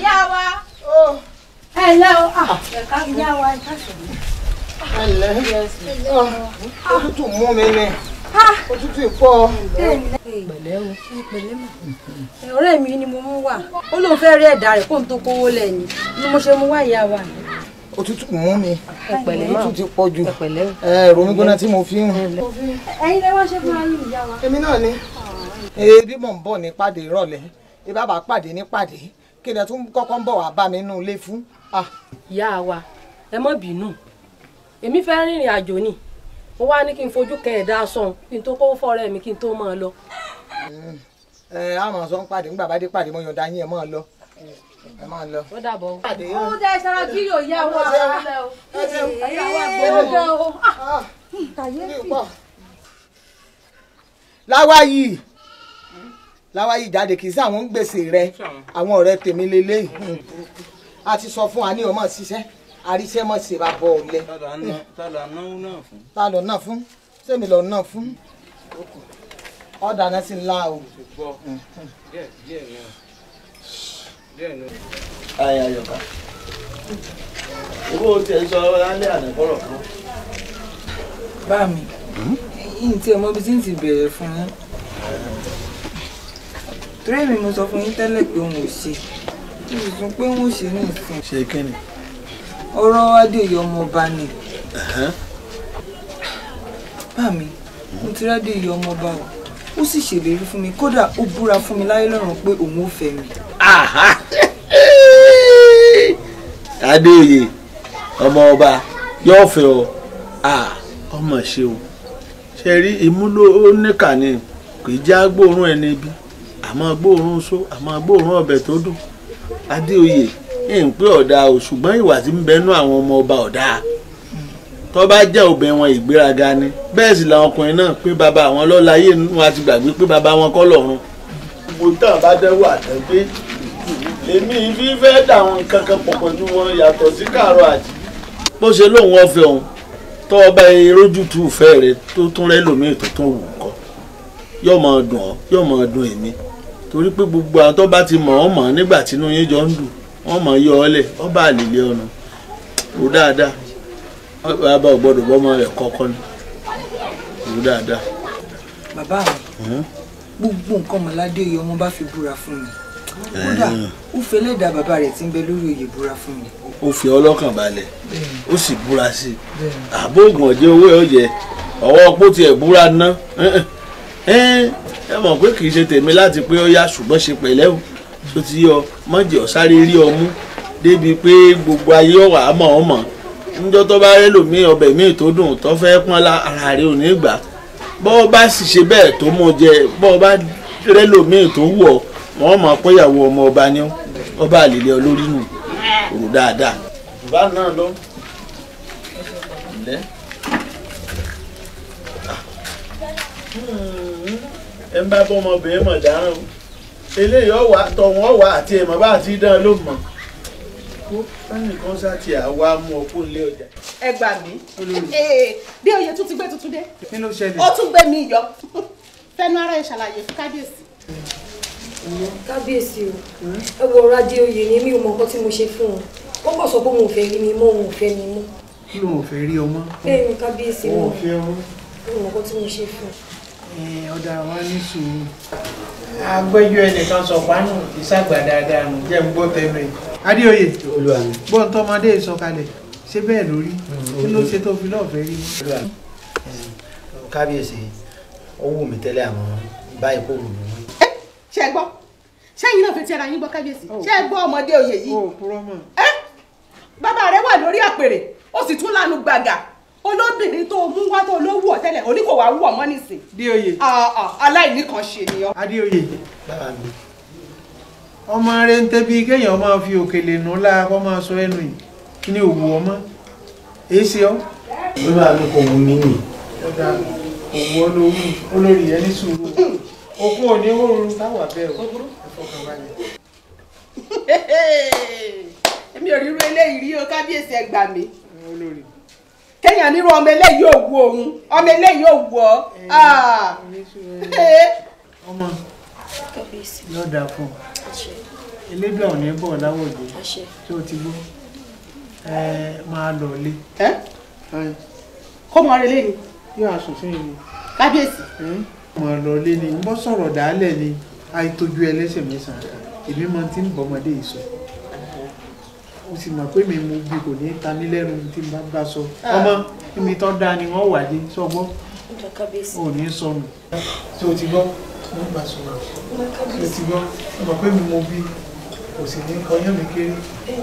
ìyá wa ẹ lẹ́ ah, wa ẹ ẹ lẹ́ òtútù ah. mú mi ni òtútù ah. ìpọ́ ọ̀rẹ́ mi ni mo mú wá ó lóun fẹ́ rí ẹ̀dá rẹ̀ kó n tó kówó lẹ́yìn ni mo ṣe mú wá ìyá wa òtútù mú mi òtútù ti pọ̀ jù ẹ̀rọ mi gbóná tí mo fi ń rìn. lẹ wá ṣe fún ayé ìyá wa. èmi náà ni ebi mò ń bọ̀ ní pàdé ìrọ̀lẹ́ ibà bá pàdé ní pàdé kí ni ẹ tún kọ́kọ́ ń bọ̀ wá bá mi nínú ilé fún. Ah. ìyá wa ẹ má bínú èmi fẹ́ rìnrìn àjò ni mo wá ní kí n fojú kẹ ẹ̀dá sọ̀n kí n tó kó fọ́ọ̀rẹ́ mi kí n tó máa lọ. ẹ ẹ àmọ̀ sọ ń pàdé nígbà bá dé pàdé mo yọ̀ǹda yín ẹ máa lọ ẹ máa lọ. ó dàbọ̀ ó. ó dẹ sara kí yóò yá wa ọ̀rẹ́ o. ẹ jẹ́ o. kàyéfì. láwa yìí láwáyé jáde kì í sí àwọn ń gbèsè rẹ àwọn ọ̀rẹ́ tèmi lélẹ̀ a ti sọ fún wa ní ọmọ ṣiṣẹ́ àríṣẹ́ mọ̀ ṣe bá bọ̀ ọ̀lẹ. ta ló náwó náà fún. ta ló náà fún sẹ́mi lọ náà fún ọ̀dà náà sì ń la o. ayé ayọ̀ká owó tiẹ̀ ń sọ lálẹ́ àná kọ́rọ̀ kan. bá mi n tiẹ̀ mọ bí tí n ti bẹ̀rẹ̀ fún yín torí èmi mo sọ fún yín tẹ́lẹ̀ pé òun ò ṣe mo sọ pé òun ò ṣe ní ìfún. ṣe kí ni. ọ̀rọ̀ adéyọ ọmọọba ni. bá mi mo ti rádé iye ọmọọba o ó sì ṣèlérí fún mi kódà ó búra fún mi láyé lọ́rùn pé òun ò fẹ́ mi. adéyè ọmọọba yóò fẹ́ ọ ọmọ ṣe o ṣe rí ìmúlò oníkànnì kì í já ẹni bí àmọ́ gbóòórùn só àmọ́ gbóòórùn ọbẹ̀ tó dùn adéoyè ń pé ọ̀dà o ṣùgbọ́n ìwà tí ń bẹnu àwọn ọmọ ọba ọ̀dà tó bá jẹ́ obìnrin wọn ìgbéraga ni bẹ́ẹ̀ sì làwọn ọkùnrin náà pé bàbá àwọn lọ́láyé nínú àti gbàgbé pé bàbá wọn kọ́ lọ́run. mo tàn bá dẹ́wọ́ àtẹ́gbé èmi fífẹ́ dàwọn kankan pọ̀ pẹ̀lú wọn yàtọ̀ sí kàrọ̀ àti. bó ṣe lóun ọ̀fẹ́ òun tó ọba erójútu ìfẹ́ rẹ tó tún rẹ́ lómi tó tún wù ú kọ yóò máa dùn ọ́ yóò máa dùn èmi torí pé gbogbo àwọn tó bá ti mọ̀ ọ́ mọ̀ nígbà tínú yín jọ ń dùn wọ́n mọ̀ yọ ọ́ lẹ̀ ọ́ bá àlèlè ọ̀nà rò dáadáa bàbá ò gbọ́dọ̀ bọ́mọ rẹ̀ kọ́kọ́ ni rò dáadáa. bàbá mi gbogbo nǹkan mọ̀ládé oyè ọmọ bá fi búra fún mi kódà ó fi ẹlẹ́dàá bàbá rẹ̀ tí ń bẹ lórí oyè búra fún mi. ó fi ọlọ́kàn balẹ̀ ó sì búra sí i àbóògùn ọ̀jẹ̀ owó ẹ̀ ọ̀jẹ̀ ọwọ́ pọ́tì ẹ̀ búra ná ẹ mọ̀ pé kì í ṣe tèmi láti pé ó yá ṣùgbọ́n ṣe pẹ̀lẹ́ o tó ti yọ mọ́jì ọ̀sáré rí ọmú débi pé gbogbo ayé ọ̀wà mọ̀ ọ́ mọ̀ níjọ́ tó bá rẹ́ lòmí ọbẹ̀ míì tó dùn tó fẹ́ pọ́n la ara rẹ̀ ò ní gbà bọ́ ọ bá sì ṣe bẹ́ẹ̀ tó mọ jẹ bọ́ ọ bá rẹ́ lòmí tó wù ọ́ wọ́n mọ̀ pé ìyàwó ọmọ ọba ni ọba àlèlè olórí nù rò dáadáa. bá náà lọ. ẹ ń bá bọ́mọbìnrin mọ̀ dáràn o eléyìí ọ̀wà tọ̀wọ̀n ọ̀wà àti ẹ̀mọ́ bá àti dán ló mọ̀ kó fẹ́nìkan sáti àwa mú ọkọ ilé ọjà. ẹ gbà mí bí oyè tún ti gbé tuntun dé ó tún gbé mi yọ fẹnu ara ẹ ṣàlàyé fún kábíyèsí kábíyèsí o ẹ wo ọ̀rọ̀ adé oyè ni mi ò mọ nǹkan tí mo ṣe fún un ó mọ̀ sọ pé mo fẹ́ rí mi mọ́ mo fẹ́ mi mọ́. kí ló ń fẹ́ rí ọmọ. bẹ́ẹ̀ ni kábíyèsí mo ò mọ nǹkan tí mo ṣe fún un. Eh, ọ̀dà wa ní sùúrù. agbẹ́jọ́ ẹnìkan sọ pánù ìsàgbà dáadáa nù jẹ́ gbọ́ tẹnu adéoyè gbọ́n ìsọkalẹ̀ ṣé bẹ́ẹ̀ lórí mm, kí ló ṣe tó fi lọ́ọ̀fẹ́ rí. Eh, kábíyèsí ó wù tẹ́lẹ̀ àmọ́ báyìí kò wù mí. Eh, ṣe gbọ́ sẹ́yìn náà fetí ara yín gbọ́ kábíyèsí oh. ṣe gbọ́ ọmọdé oyè yìí. Oh, bàbá rẹ wà lórí àpèrè ó sì tún lanu gbàgà olóbìnrin tó mú wá tó ló wù ọ tẹ́lẹ̀ òní kò wá wù ọ mọ́ nísìn. adéoyè aláìní kan ṣe ni ọ. adéoyè bàbá mi ọmọ rẹ ń tẹ́bi kéèyàn máa fi òkèlè nù lára kó máa sọ ẹnu yìí kí ni òwú ọmọ èyí ṣe ọ. bàbá mi kò wù mí nì. ọ̀dà òwú olórí olórí ẹni sùúrù òkú òní òru táwà bẹ́ẹ̀ o ẹ̀fọ́kànbalẹ̀. èmi ò rí irú eléyìí rí o kábíyèsí ẹ gbà kéèyàn nírú ọmọ eléyìí ò wù òun ọmọ eléyìí ò wù ọ. ọmọ yóò dáa fún ọ elédùn àwọn ẹbọ láwọdé tí ó ti gbó ẹ máa lọ lé. kó mọ ọ̀rẹ́ lé ni. yóò aṣòfin ni. kábíyèsí. mọ ọ lọ lé ni bó sọ̀rọ̀ dálẹ̀ ni àìtójú ẹlẹ́sẹ̀ mẹ́sàn-án èmi máa ti ń bọ́ ọmọdé yìí sọ o sì mọ̀ pé mi mo bí kò ní ta mí lẹ́nu tí mo bá bá sọ ah. ọmọ ibi tó dáa ni wọ́n wà dé sọ́gbọ́ ò ní sọnù tí o ti gbọ́ wọ́n gbà sọ̀rọ̀ tí o ti gbọ́ ọmọ pé mi mo bí kò sì ní ọyán mi kéré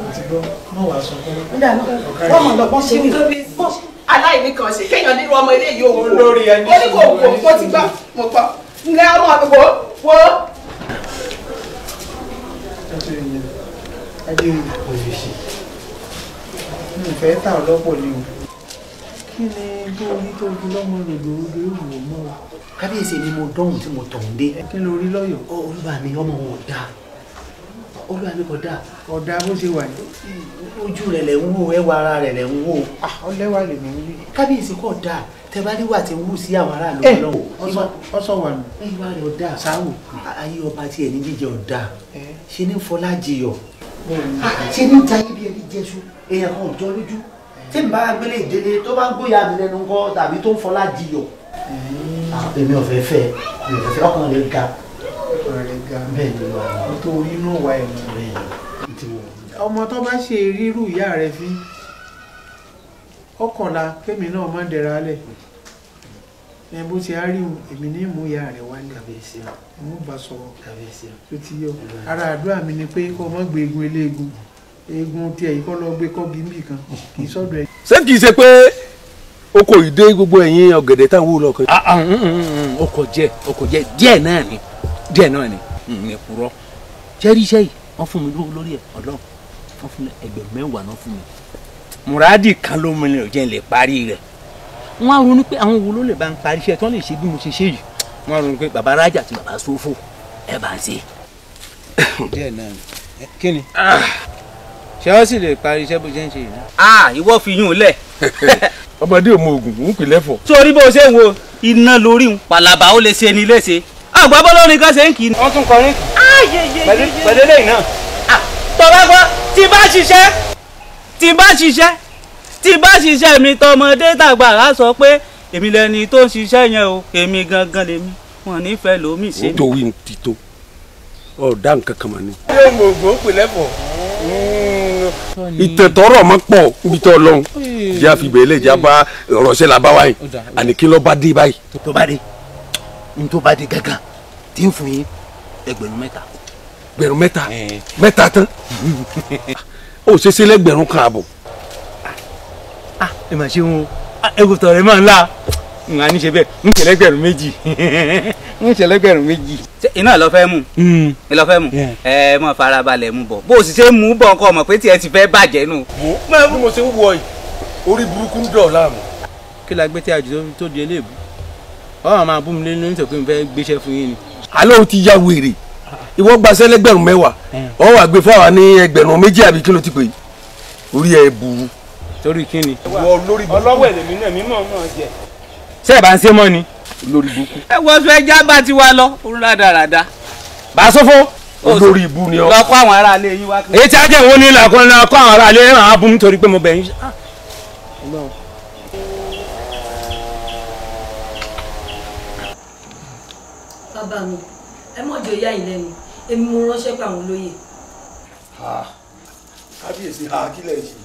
àti gbọ́ mọ̀ wá sọ fún ọkàrí. wọ́n mọ̀ lọ́gbọ́n ṣe ní aláìní kan kéèyàn nínú ọmọ eléyìí òun lórí ẹni ó ní kò kò kó ti gbà mo pa ńlẹ ọmọ àgbègbè wo ajé olùkọ́ lè ṣe mi ò fẹ́ tà ọ́ lọ́pọ̀ ni o kí ni bó orí tó fi lọ́mọ rògbòrògbò yóò wò mọ́ o. kábíyèsí ni mo dọ́hùn tí mo tọ̀hún dé. kí ló rí lọ́yọ̀ọ́. olúwa mi ọmọ wọn ò dáa olúwa mi kò dáa. ọ̀dà bó ṣe wà ní. ojú rẹ̀ lẹ̀ ń wò ẹwà ara rẹ̀ lẹ̀ ń wò. ọlẹ́wà lè mú un rí. kábíyèsí kò dáa tẹ bá níwà tí ń wù sí àwọn aráàlú eh, ọlọ́wọ́. ọsọ wà nù. ìwà rẹ̀ ọ̀dà sáwò ayé ọba tiẹ̀ eh. ní jíjẹ ọ̀dà ṣe ní fọlá jiyọ̀ ṣé ní jayé bí ẹni jẹṣu èèyàn kan ò jọ lójú tí n bá gbélé ìdílé tó bá ń gbóyà mi lẹ́nu ńkọ́ tàbí tó ń fọlá jiyọ̀ hmm. ah, èmi ò fẹ́ fẹ́ mi ò fẹ́ fẹ́ ọkàn rẹ̀ ga bẹ́ẹ̀ ni wà á tó inú wa ẹ̀ mọ̀ ọmọ tó bá ṣe rírú ìyá rẹ̀ fi ọkànlá kémi náà má dẹ̀ra lẹ̀ ẹ bó ṣe á rí èmi ní ìmú ìyá rẹ wá ní kàbíyèsí mo bá sọ̀rọ̀ kàbíyèsí tó ti yọ ara àdúrà mi ni pé kó o má gbé egun eléegun egun tí ẹ̀yìn kọ́ lọ gbé kọ́gi níbì kan kì í sọ́dọ̀ ẹ̀. ṣé kì í ṣe pé o kò gbogbo ẹ̀yìn ọ̀gẹ̀dẹ̀ táwọn wúlò ọkọ̀. ọkọ̀ jẹ ọkọ̀ jẹ díẹ̀ náà ni díẹ̀ náà ni mm, ní purọ́ jẹ́rí iṣẹ́ yìí wọ́n fún mi lówó lórí ẹ̀ ọlọ́run wọ́n fún mi ẹgbẹ̀rún mẹ́wàá náà fún mi. mùràdì kan ló mi ò jẹ́ lè parí rẹ̀ wọ́n á ronú pé àwọn wo ló lè bá ń parí iṣẹ́ tí wọ́n lè ṣe bí mo ṣe ṣe yìí wọ́n á ronú pé bàbá rájà àti bàbá sófò ẹ bá ń ṣe. díẹ̀ náà ni kí ni ṣé wọ́n sì lè parí iṣẹ́ bó ṣe ń ṣe yìí. a ah, ah, ìwọ fi yún un lẹ. ọmọdé ò mọ oògùn òun pè lẹfọ. sórí bó ṣe ń wo iná lórí un pàlàbà ó lè ṣe ni léṣe àgbà ah, bọ́lọ́rin kan ṣe ń kì í. wọ́n tún kọrin pẹ̀lú pẹ̀lú lẹ́yìn náà. tọ́lá gbọ́ tí bá ṣiṣẹ́ tí bá ṣiṣẹ́ tí bá ṣiṣẹ́ mi tọmọdé tàgbà á sọ pé èmi lẹni tó ń ṣiṣẹ́ yẹn o èmi gangan lèmi wọn nífẹ̀ẹ́ lómi ṣe. o tó wí ti tó ọ dá nǹkan kan mọ̀ ni. ṣé mo gbọ́ pè lẹ́fọ̀. ìtẹ̀tọ̀rọ̀ mọ́ pọ̀ níbi tó jẹ́ àfibẹ̀ ilé ọ̀rọ̀ ṣẹlẹ̀ àbáwá yìí àní kí ló bá dé báyìí. tó bá dé n tó bá dé gángan tí ń fún yín ẹgbẹ̀rún mẹ́ta. ẹgbẹ̀rún mẹ́ta eh. mẹ́ta tán ó ṣe lẹ́gbẹ̀rún kan àbọ̀. Ah, ẹ mà ṣeun ẹwù tọrẹ máa ń la n à ní ṣe bẹ́ẹ̀ n ṣẹlẹ̀ gbẹ̀rún méjì n ṣẹlẹ̀ gbẹ̀rún méjì. iná lọ fẹ́ mu hmm. lọ fẹ́ mu ẹ mọ farabalẹ̀ mu bọ̀ bó o sì ṣe mú bọ̀ ọkọ mọ̀ pé tiẹ̀ ti fẹ́ bàjẹ́ nù. bí mo ṣe ń wọ yìí orí burúkú ń dọ̀ láàmú. kí la gbé tí a jù tó di eléèbú ọ̀rọ̀ máa bú mi lé lórí ìtọ́kùn fẹ́ gbéṣẹ́ fún yín ni. àlọ́ ti ya wèrè ìwọ gbaṣẹ́ lẹ́gbẹ̀rún mẹ́wàá hmm. ọ̀ wà gbé fáwa ní ẹgbẹ̀rún méjì àbí kí ló ti pè orí ẹ̀ burú torí kí ni. wọ lórí burúkú ọlọ́wọ́ èlèmí náà mímọ́ náà jẹ. ṣé ẹ bá ń ṣe mọ́ ni. lórí burúkú. ẹ wọ sọ ẹja bá ti wá lọ òun rádaràda. bá a sọ́fọ́. olórí ibu ni ọ. lọ kó àwọn ará ilé yín wá. èyí tí a jẹ́ ìwọ ni làkọ́ ni kó àwọn ará ilé yín máa bú nítorí pé mo bẹ̀ yín. bàbá mi ẹ mọ̀ jọ yá ìlẹ́nu èmi mo ránṣẹ́ pé àwọn olóyè. kábíyèsí ha yìí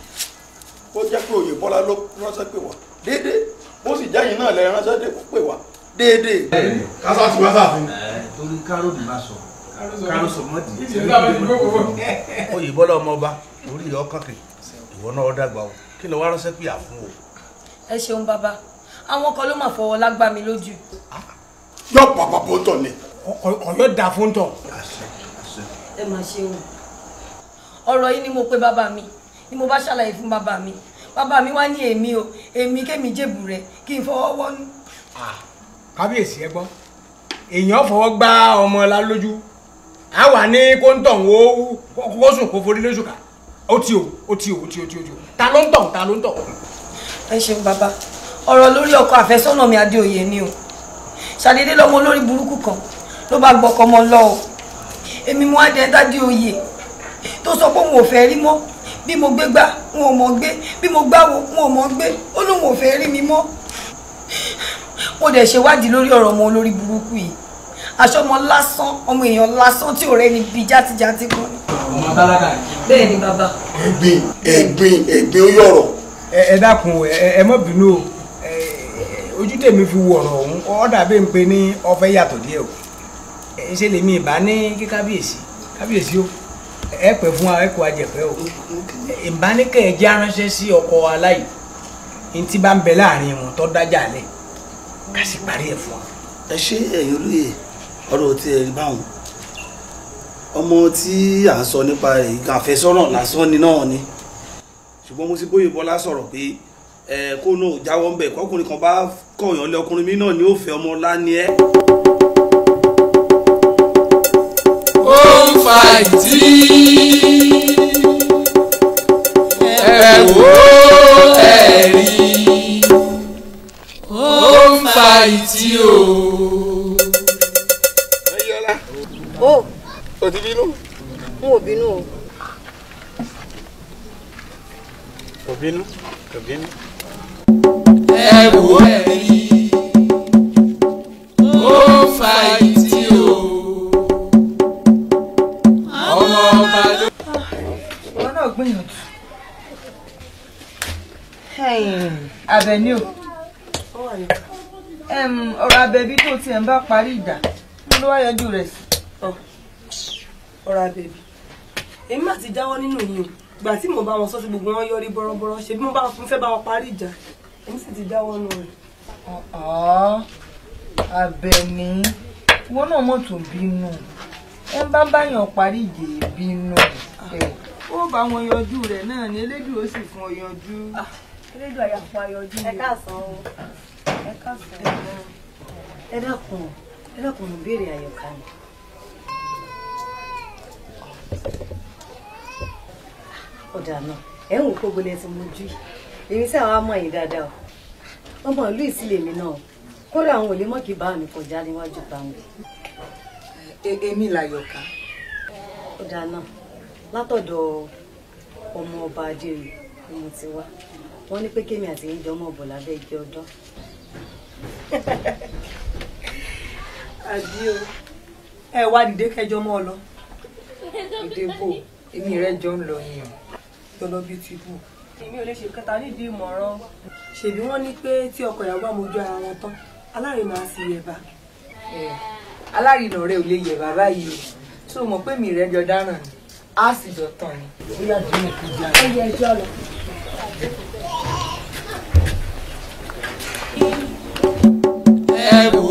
ó jẹ́ pé òye bọ́lá ló ránṣẹ́ pè wá déédéé ó sì jẹ́yìn náà lẹ ránṣẹ́ dé kó pè wá déédéé. kásá ti wá sáàfin. torí káró ni bá sọ káró sọ mọ́ di. òye bọ́lá ọmọọba orí ọkàkẹ́ ìwọ náà dàgbà o kí ló wá ránṣẹ́ pè á fún o. ẹ ṣeun bàbá àwọn kan ló máa fọwọ́ lágbá mi lójú. Ah. yọ pàpà bó tọ̀ ni. ọ̀yọ́ dà fún tọ̀. ẹ máa ṣeun ọ̀rọ̀ yìí ni mo pe bàbá mi ni mo bá ṣàlàyé fún bàbá mi bàbá mi wá ní èmi o èmi kémi jèbù rẹ kí n fọwọ́ wọ́nú. kábíyèsí ẹ gbọ́ èèyàn fọwọ́ gbá ọmọ ọlá lójú a wà ní kóńtọ̀n wo kókó sùn kó forí lóṣù ká ó ti o ó ti o ó ti o ti o ta ló ń tàn ta ló ń tàn. ẹ ṣeun bàbá ọ̀rọ̀ lórí ọkọ àfẹ́sọ́nà mi adéoyè ni o ṣàdédé lọ́mọ olórí burúkú kan ló bá gbọ́kọ mọ́ lọ o èmi mo á dẹ́ bí mo gbé gbá wọn ò mọ̀ gbé bí mo gbáwo wọn ò mọ̀ gbé ó lóun ò fẹ́ rí mi mọ́ mo dẹ̀ ṣèwádìí lórí ọ̀rọ̀ ọmọ olórí burúkú yìí aṣọ ọmọ lásán ọmọ èèyàn lásán tí ọ̀rẹ́ ni bíi játijàti kan ọmọ tálákà ni. bẹ́ẹ̀ ni bàbá. ẹ̀gbin ẹ̀gbin ẹ̀gbin ó yọrọ. ẹ dákun ẹ mọ bínú o ojú tèmi fi wo ọ̀rọ̀ ọ̀hún ọ dàbí pé ní ọfẹ yàtọ̀ díẹ̀ o ṣe lèmi ìbá ní kí kábíyèsí kábíyèsí o ẹ pẹ fún wa ẹ kó ajẹpẹ o ìbánikẹ ẹ jẹ aránṣẹ́ sí ọkọ aláì ntí bá ń bẹ láàrin wọn tó dájà lẹ ká sì parí ẹ fún wa. ẹ ṣe ẹ̀yin olóye ọ̀rọ̀ tí ẹ rí báwọn ọmọ tí à ń sọ nípa rẹ̀ ìgbà àfẹsọ́nà lásán ni náà ni ṣùgbọ́n mo sì bóyè bọ́lá sọ̀rọ̀ pé ẹ kó náà jáwọ́ ń bẹ̀ kọkùnrin kan bá kọ̀yàn lé ọkùnrin mi náà ni ó fẹ́ ọmọ ọlá ni ẹ́. fàìtì. Ẹ wò ẹ rí ó ń fàìtì o. Ayọ̀lá. Ó. O ti bínú? N ò bínú o. Kò bínú, kò bínú. Ẹ wò ẹ abẹ ní o ọ̀rọ̀ abẹ bí tó tiẹ̀ ń bá parí ìjà mo ló wá yọjú rẹ̀ sí. ọ̀rọ̀ abẹ bí èmi máa ti jáwọ́ nínú yìí o gbà tí mo bá wọn sọ sí gbogbo wọn yọrí bọ́rọ́bọ́rọ́ ṣe bí mo bá wọn fẹ́ bá wọn parí ìjà èmi sì ti jáwọ́ nù rẹ̀. Àbẹ̀ní ìwọ náà mọ̀ tó bínú ẹ ń bá ń báyàn parí ìjà ìbínú ah. ẹ̀ ó bá wọn yanjú rẹ̀ náà ni elédùn ó sì fún ọ yanjú. Ah elédò àyàfọ ayọjú ni ẹ káàsán o ẹ káàsán o ẹ dákun ẹ dákun mo béèrè àyọkà ni. ọ̀dà náà ẹ̀ ń wò kó gbolẹ̀ tí mo jú yìí èmi sí àwọn amọ̀ yìí dáadáa o ọmọ ìlú ìsílẹ̀ mi náà kódà àwọn òlé mọ́kì bá mi kọjá níwájú gbàǹgbà. E, èmi làyọ̀ká. ọ̀dà náà látọ̀dọ̀ ọmọ ọba adéyẹ ni mo ti wọ́n ní pé kémi àti yín jọ mọ̀ bọ̀ lábẹ́ igi ọdún. àbí o ẹ wá dìde kẹjọ mọ́ ọ lọ. ìdìbò èmi rẹ jọ ń lọ yìnyín jọlọ bíi ti bù. èmi ò lè ṣe kẹta nídìí ìmọ̀ràn. ṣèbí wọ́n ní pé tí ọkọ ìyàwó bá mojú ara wọn tán alárinà á sì yẹ̀bà. alárinà rẹ ò lè yẹ̀bà báyìí o tó mọ̀ pé mi rẹ jọ dáràn ni á sì jọ tàn ni. ó yà jẹ́ ìpèjà. ó yẹ ẹjọ́ lọ.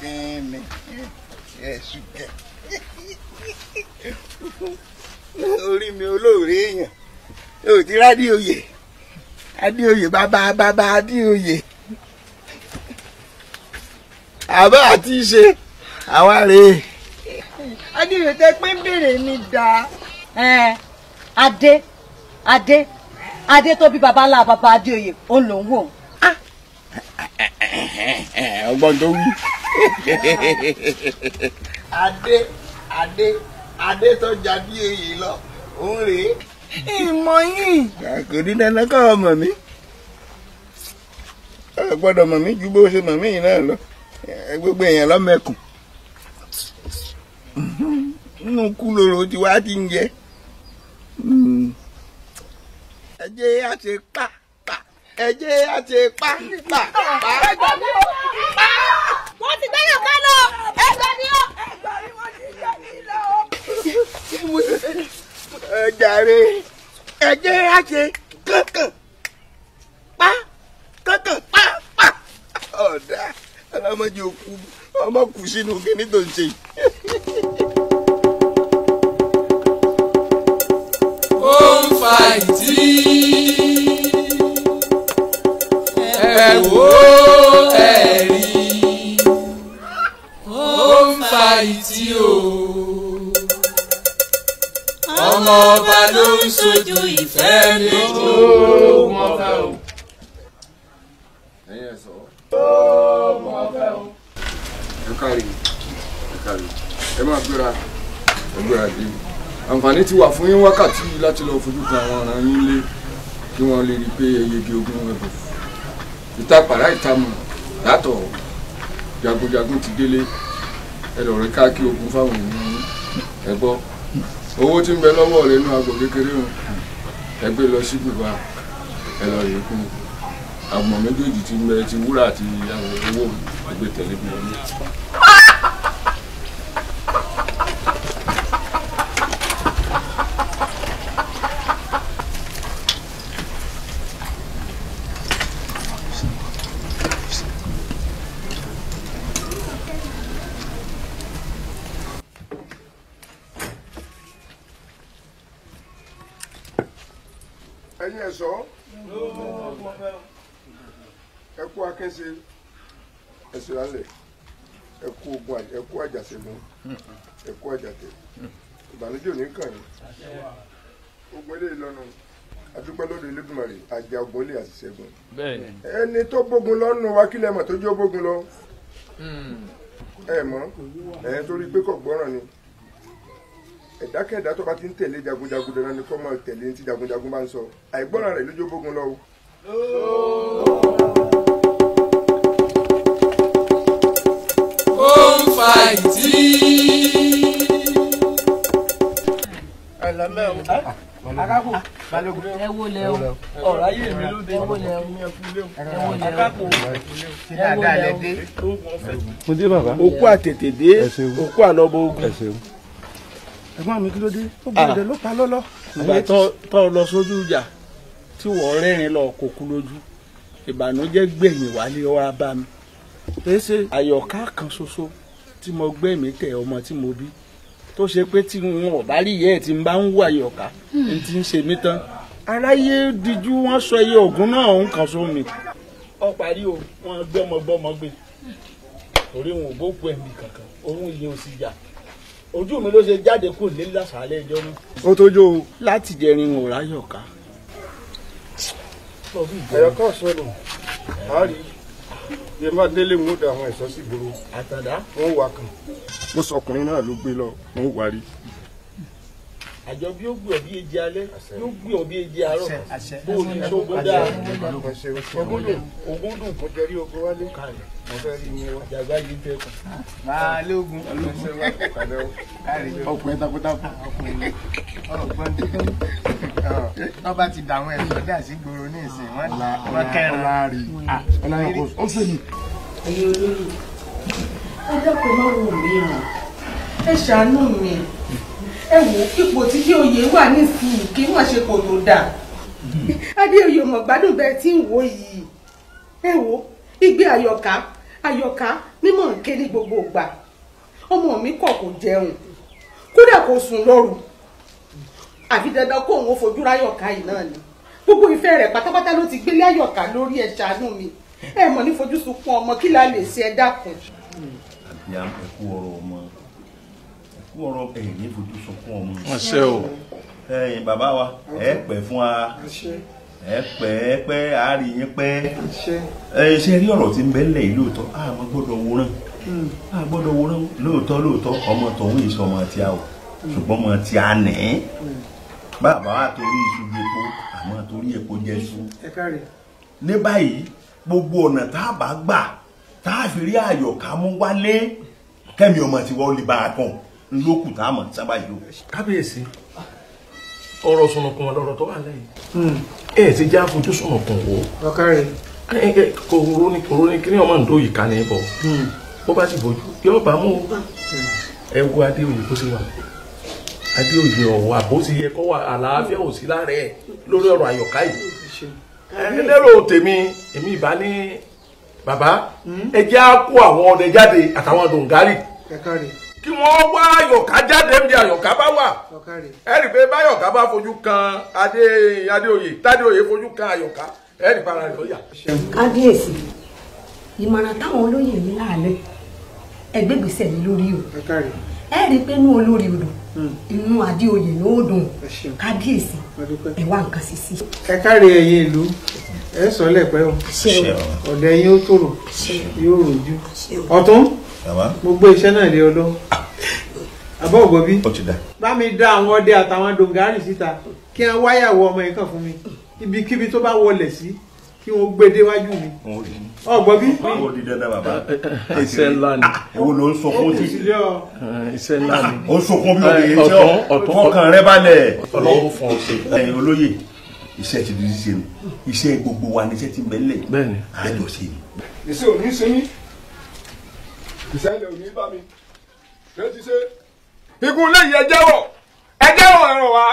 Looking me. Yes, you get. Orí mi olóore èèyàn. O ti rádìoyè. Adéoyè bàbá bàbá Adéoyè. Àbá àti ṣe àwa rèé. Adéoyè tẹ pé bèrè mi dá. Adé Adé Adé tó bí bàbá ńlá bàbá Adéoyè òun lòún wò. Ah! Ọgbọ́n tó wí. adé adé adé tó jadí èyí lọ òun rèé. ìmọ̀ yìí. kò ní dandan kọ́ ọmọ mi ẹ gbọ́dọ̀ mọ̀ mí ju bó ṣe mọ̀ mí yìí náà lọ gbogbo èèyàn lọ́mẹ̀kùn nínú kú lóró tí wàá ti ń jẹ ẹ jẹ́ á pa pa ẹ jẹ́ á ṣe pa pa pa wọ́n ti gbẹ́yàn ká lọ ẹgbẹ́ ni ó. ẹgbẹ́ mi wọ́n ti gbẹ́ mi lọ. ẹ jàre ẹ jẹ́ àṣẹ kankan pa kankan pa pa ọ̀dà ọlọ́mọdé òkú ọmọ kù sínú kíní tó ń ṣe yìí. ó ń fa ìdí ẹ wò ó ẹ. ìtì o. ọmọ ọba ló ń sojú ìfẹ́ méjì o. mo fẹ́ o. ẹ̀yin ẹ̀ sọ. ó mo fẹ́ o. ẹ kárí ẹ kárí ẹ máa gbéra ẹ gbéra dé àǹfààní ti wà fún yín wákàtí láti lọ fojú kan àwọn ọ̀ràn yín lé kí wọ́n lè rí i pé ẹyẹgi ogun ẹ̀bùn ìta pàrà ìta mọ̀ látọ̀ jagunjagun ti délé ẹ lọ rí káàkiri ogun fáwọn ènìyàn ẹ gbọ́ owó tí ń bẹ lọ́wọ́ rẹ inú agbo kékeré wọn ẹ gbé lọ sí bùbá ẹ lọ rí àgbọ̀n méjèèjì tí ń bẹ ti wúrà àti àwọn owó ìgbé tẹ̀lé bí wọn. Elédùmarè àjà ògbólé àti ṣẹ́gun ẹni tó bógun lọ nù wá kílẹ̀ mọ̀ tó jó bógun lọ hmm. ẹ mọ̀ ẹ torí pé kò gbọ́ràn ni ẹ̀dákẹ́dá tó bá ti ń tẹ̀lé jagunjagun dandan ni kó máa tẹ̀lé ti jagunjagun bá ń sọ àìgbọ́ràn rẹ̀ ló jó bógun lọ o. ó ń fa ìdí akápò balógun ẹ wo lẹ o ọ̀rọ̀ ayé mi ló dé ẹ wo lẹ o ẹ wo lẹ o akápò ṣe dáadáa lẹ dé mo dé bàbá òkú àtètè dé òkú ànọbọ ogun ẹ̀gbọ́n mi kí ló dé ó ah. gbọ́dọ̀ ló pa lọ́lọ́. ìgbà tó lọ sójú ìjà tí wọ́n rẹ́rìn lọ kò kú lójú ìbànújẹ́ gbẹ̀yìn wálé wá bá mi. èsè àyọ̀ká kan ṣoṣo tí mo gbẹ̀mí tẹ̀ ọmọ tí mo bí tó ṣe pé tí wọn ò bá rí ìyá ẹ̀ tí ń bá ń wà yìí ọ̀ka ń hmm. ti ń ṣe mí tán aráyé díjú wọn sọ iye oògùn náà ń kàn sómi ọ parí o wọn gbọmọgbọmọ gbé torí wọn ò bókú ẹ̀mí kankan òun yìí ò sì yà ojú mi ló ṣe jáde kúrò nílé lásàálẹ̀ ẹjọ́ náà. ó tójú o láti jẹrin ò ráyọ̀ ká. ẹ̀rọ sọnù a rí i bí ẹ bá délé mú da àwọn ẹ̀ṣọ́ sí gbòòrò àtàdá wọn wà kàn mo sọkùnrin náà ló gbé lọ wọn wà rí. àjọ bí ó gbé ọ bí eji alẹ́ yóò gbé ọ bí eji àárọ̀ bó o ní ṣogbó dáa ogúndùn ogúndùn kò jẹrí ogun wálé mo fẹ́ rí ni wọ́n jàgbá yìí tẹ kàn. máa ah. lóògùn ọkùnrin takuntakun ọkùnrin ọgbọ́n tó kọ́ tó bá ti dàwọn ẹ̀sọ́ dà sí gbòòrò ní ìsìn wọn wọn kẹrin ọlárì ọlárì ó fẹ́ mi. ẹ̀yin olórí ẹ dẹ́kun máa wò mí ràn ẹ ṣàánú mi ẹ wò ipò tí kí oyè wà nísìnyí kí wọ́n ṣe kò tó dà adéoyè ọmọ gbádùn bẹ́ẹ̀ tí ń wò yìí ẹ wò igbe àyọkà àyọkà mímọ̀ nké ní gbogbo ìgbà ọmọ mi kọ̀ kò jẹun kódà kò sùn lóru àfi dandan kó òun fojú ráyọ̀ká yìí náà ni gbogbo ìfẹ́ rẹ̀ pátápátá ló ti gbélé àyọ̀ká lórí ẹ̀ ṣàánú mi ẹ mọ̀ ní fojú sunkún ọmọ kí la lè ṣe ẹ dákun. àbí ẹ kú ọ̀rọ̀ ọmọ ẹ kú ọ̀rọ̀ ẹyìn ní fojú sunkún ọmọ. wọn ṣe o. ẹ̀yin bàbá wa ẹ pẹ́ fún wa ẹ pẹ́ pẹ́ àárín yín pẹ́ ẹ ṣe rí ọ̀rọ̀ tí ń bẹ lẹ yìí lóòótọ́ àmọ́ gbọ́dọ̀ wòran àgbọ́dọ̀ wòran lóòótọ́ lóòótọ́ ọmọ tọhún ìṣọmọ tí a ò ṣùgbọ́n ọmọ tí a nẹ bàbá wa torí iṣu epo àmọ́ torí epo jẹ́ iṣu. ní báyìí gbogbo ọ̀nà tá a bá gbà tá a fi rí ayọ̀ ká mú wálé kẹ́mi ọmọ tiwa ó lè bá a kàn lókù tá a mọ̀ sábà yìí o. kábíyèsí ọ̀rọ̀ sọ̀nàkùn wọn lọ́rọ̀ tó wà lẹ́yìn. ẹ hmm. ẹ ti já fojú sọ̀nàkùn wo. ọ̀kárẹ̀. kò ronú kò ronú kí ni ọmọ ǹdó yìí ká ní bọ̀. Hmm. bó bá ti bójú yóò bá mú hmm. ẹ wo adé òyìnbó sí wa àbí òye ọ̀wọ́ àbó ti yẹ kó wà àlàáfíà ò sí lára ẹ̀ lórí ọ̀rọ̀ àyọ̀ká yìí ẹlẹ́rọ tèmi èmi ìbá ní bàbá ẹ jẹ́ á kó àwọn ọdẹ jáde àtàwọn dòǹgárì kí wọ́n wá àyọ̀ká jáde níbi àyọ̀ká bá wà ẹ rí i pé báyọ̀ká bá fojú kan adé adéoyè tádéoyè fojú kan àyọ̀ká ẹ rí i para rẹ̀ lọ́yà. kábíyèsí ìmọ̀ràn táwọn olóyè mi láàlẹ́ ẹgbẹ́gbèsè mi lórí o ẹ rí i pé inú olórí odò hmm. inú adéoyè ló dùn kábíyèsí ẹ wá nǹkan sí sí. ẹ káre ẹyẹ ìlú ẹ sọ lẹpẹ o ọdẹ yín ó tòrò yóò rojú ọtún mo gbé iṣẹ́ náà lé ọ lọ àbọ̀ ògbó bí. ó ti dà. bá mi dá àwọn ọdẹ àtàwọn dongari síta kí wọ́n wáyàwó ọmọ yẹn kàn fún mi ibikíbi tó bá wọlé sí kí wọn gbé déwájú mi. ọgbọ́n bí. báwo di dandan bàbá. iṣẹ́ ńlá ni. Ah, èwo ló ń sọkún tí. iṣẹ́ ńlá ni. Ah, ó ń sọkún bí olóye iṣẹ́ ọ fọkàn rẹ balẹ̀. ọlọ́run fún ọ ṣe. ẹ̀yin olóye iṣẹ́ ti di ṣíṣe mi iṣẹ́ gbogbo wa ni iṣẹ́ ti mẹ́lẹ̀. bẹ́ẹ̀ni àjọ ṣe mi. èso ò ní sinmi ìṣẹ̀lẹ̀ ò ní bá mi ṣé ti ṣe. igun lẹ́yìn ẹ jẹ́wọ́ ẹ jẹ́wọ́ ẹ̀rọ wa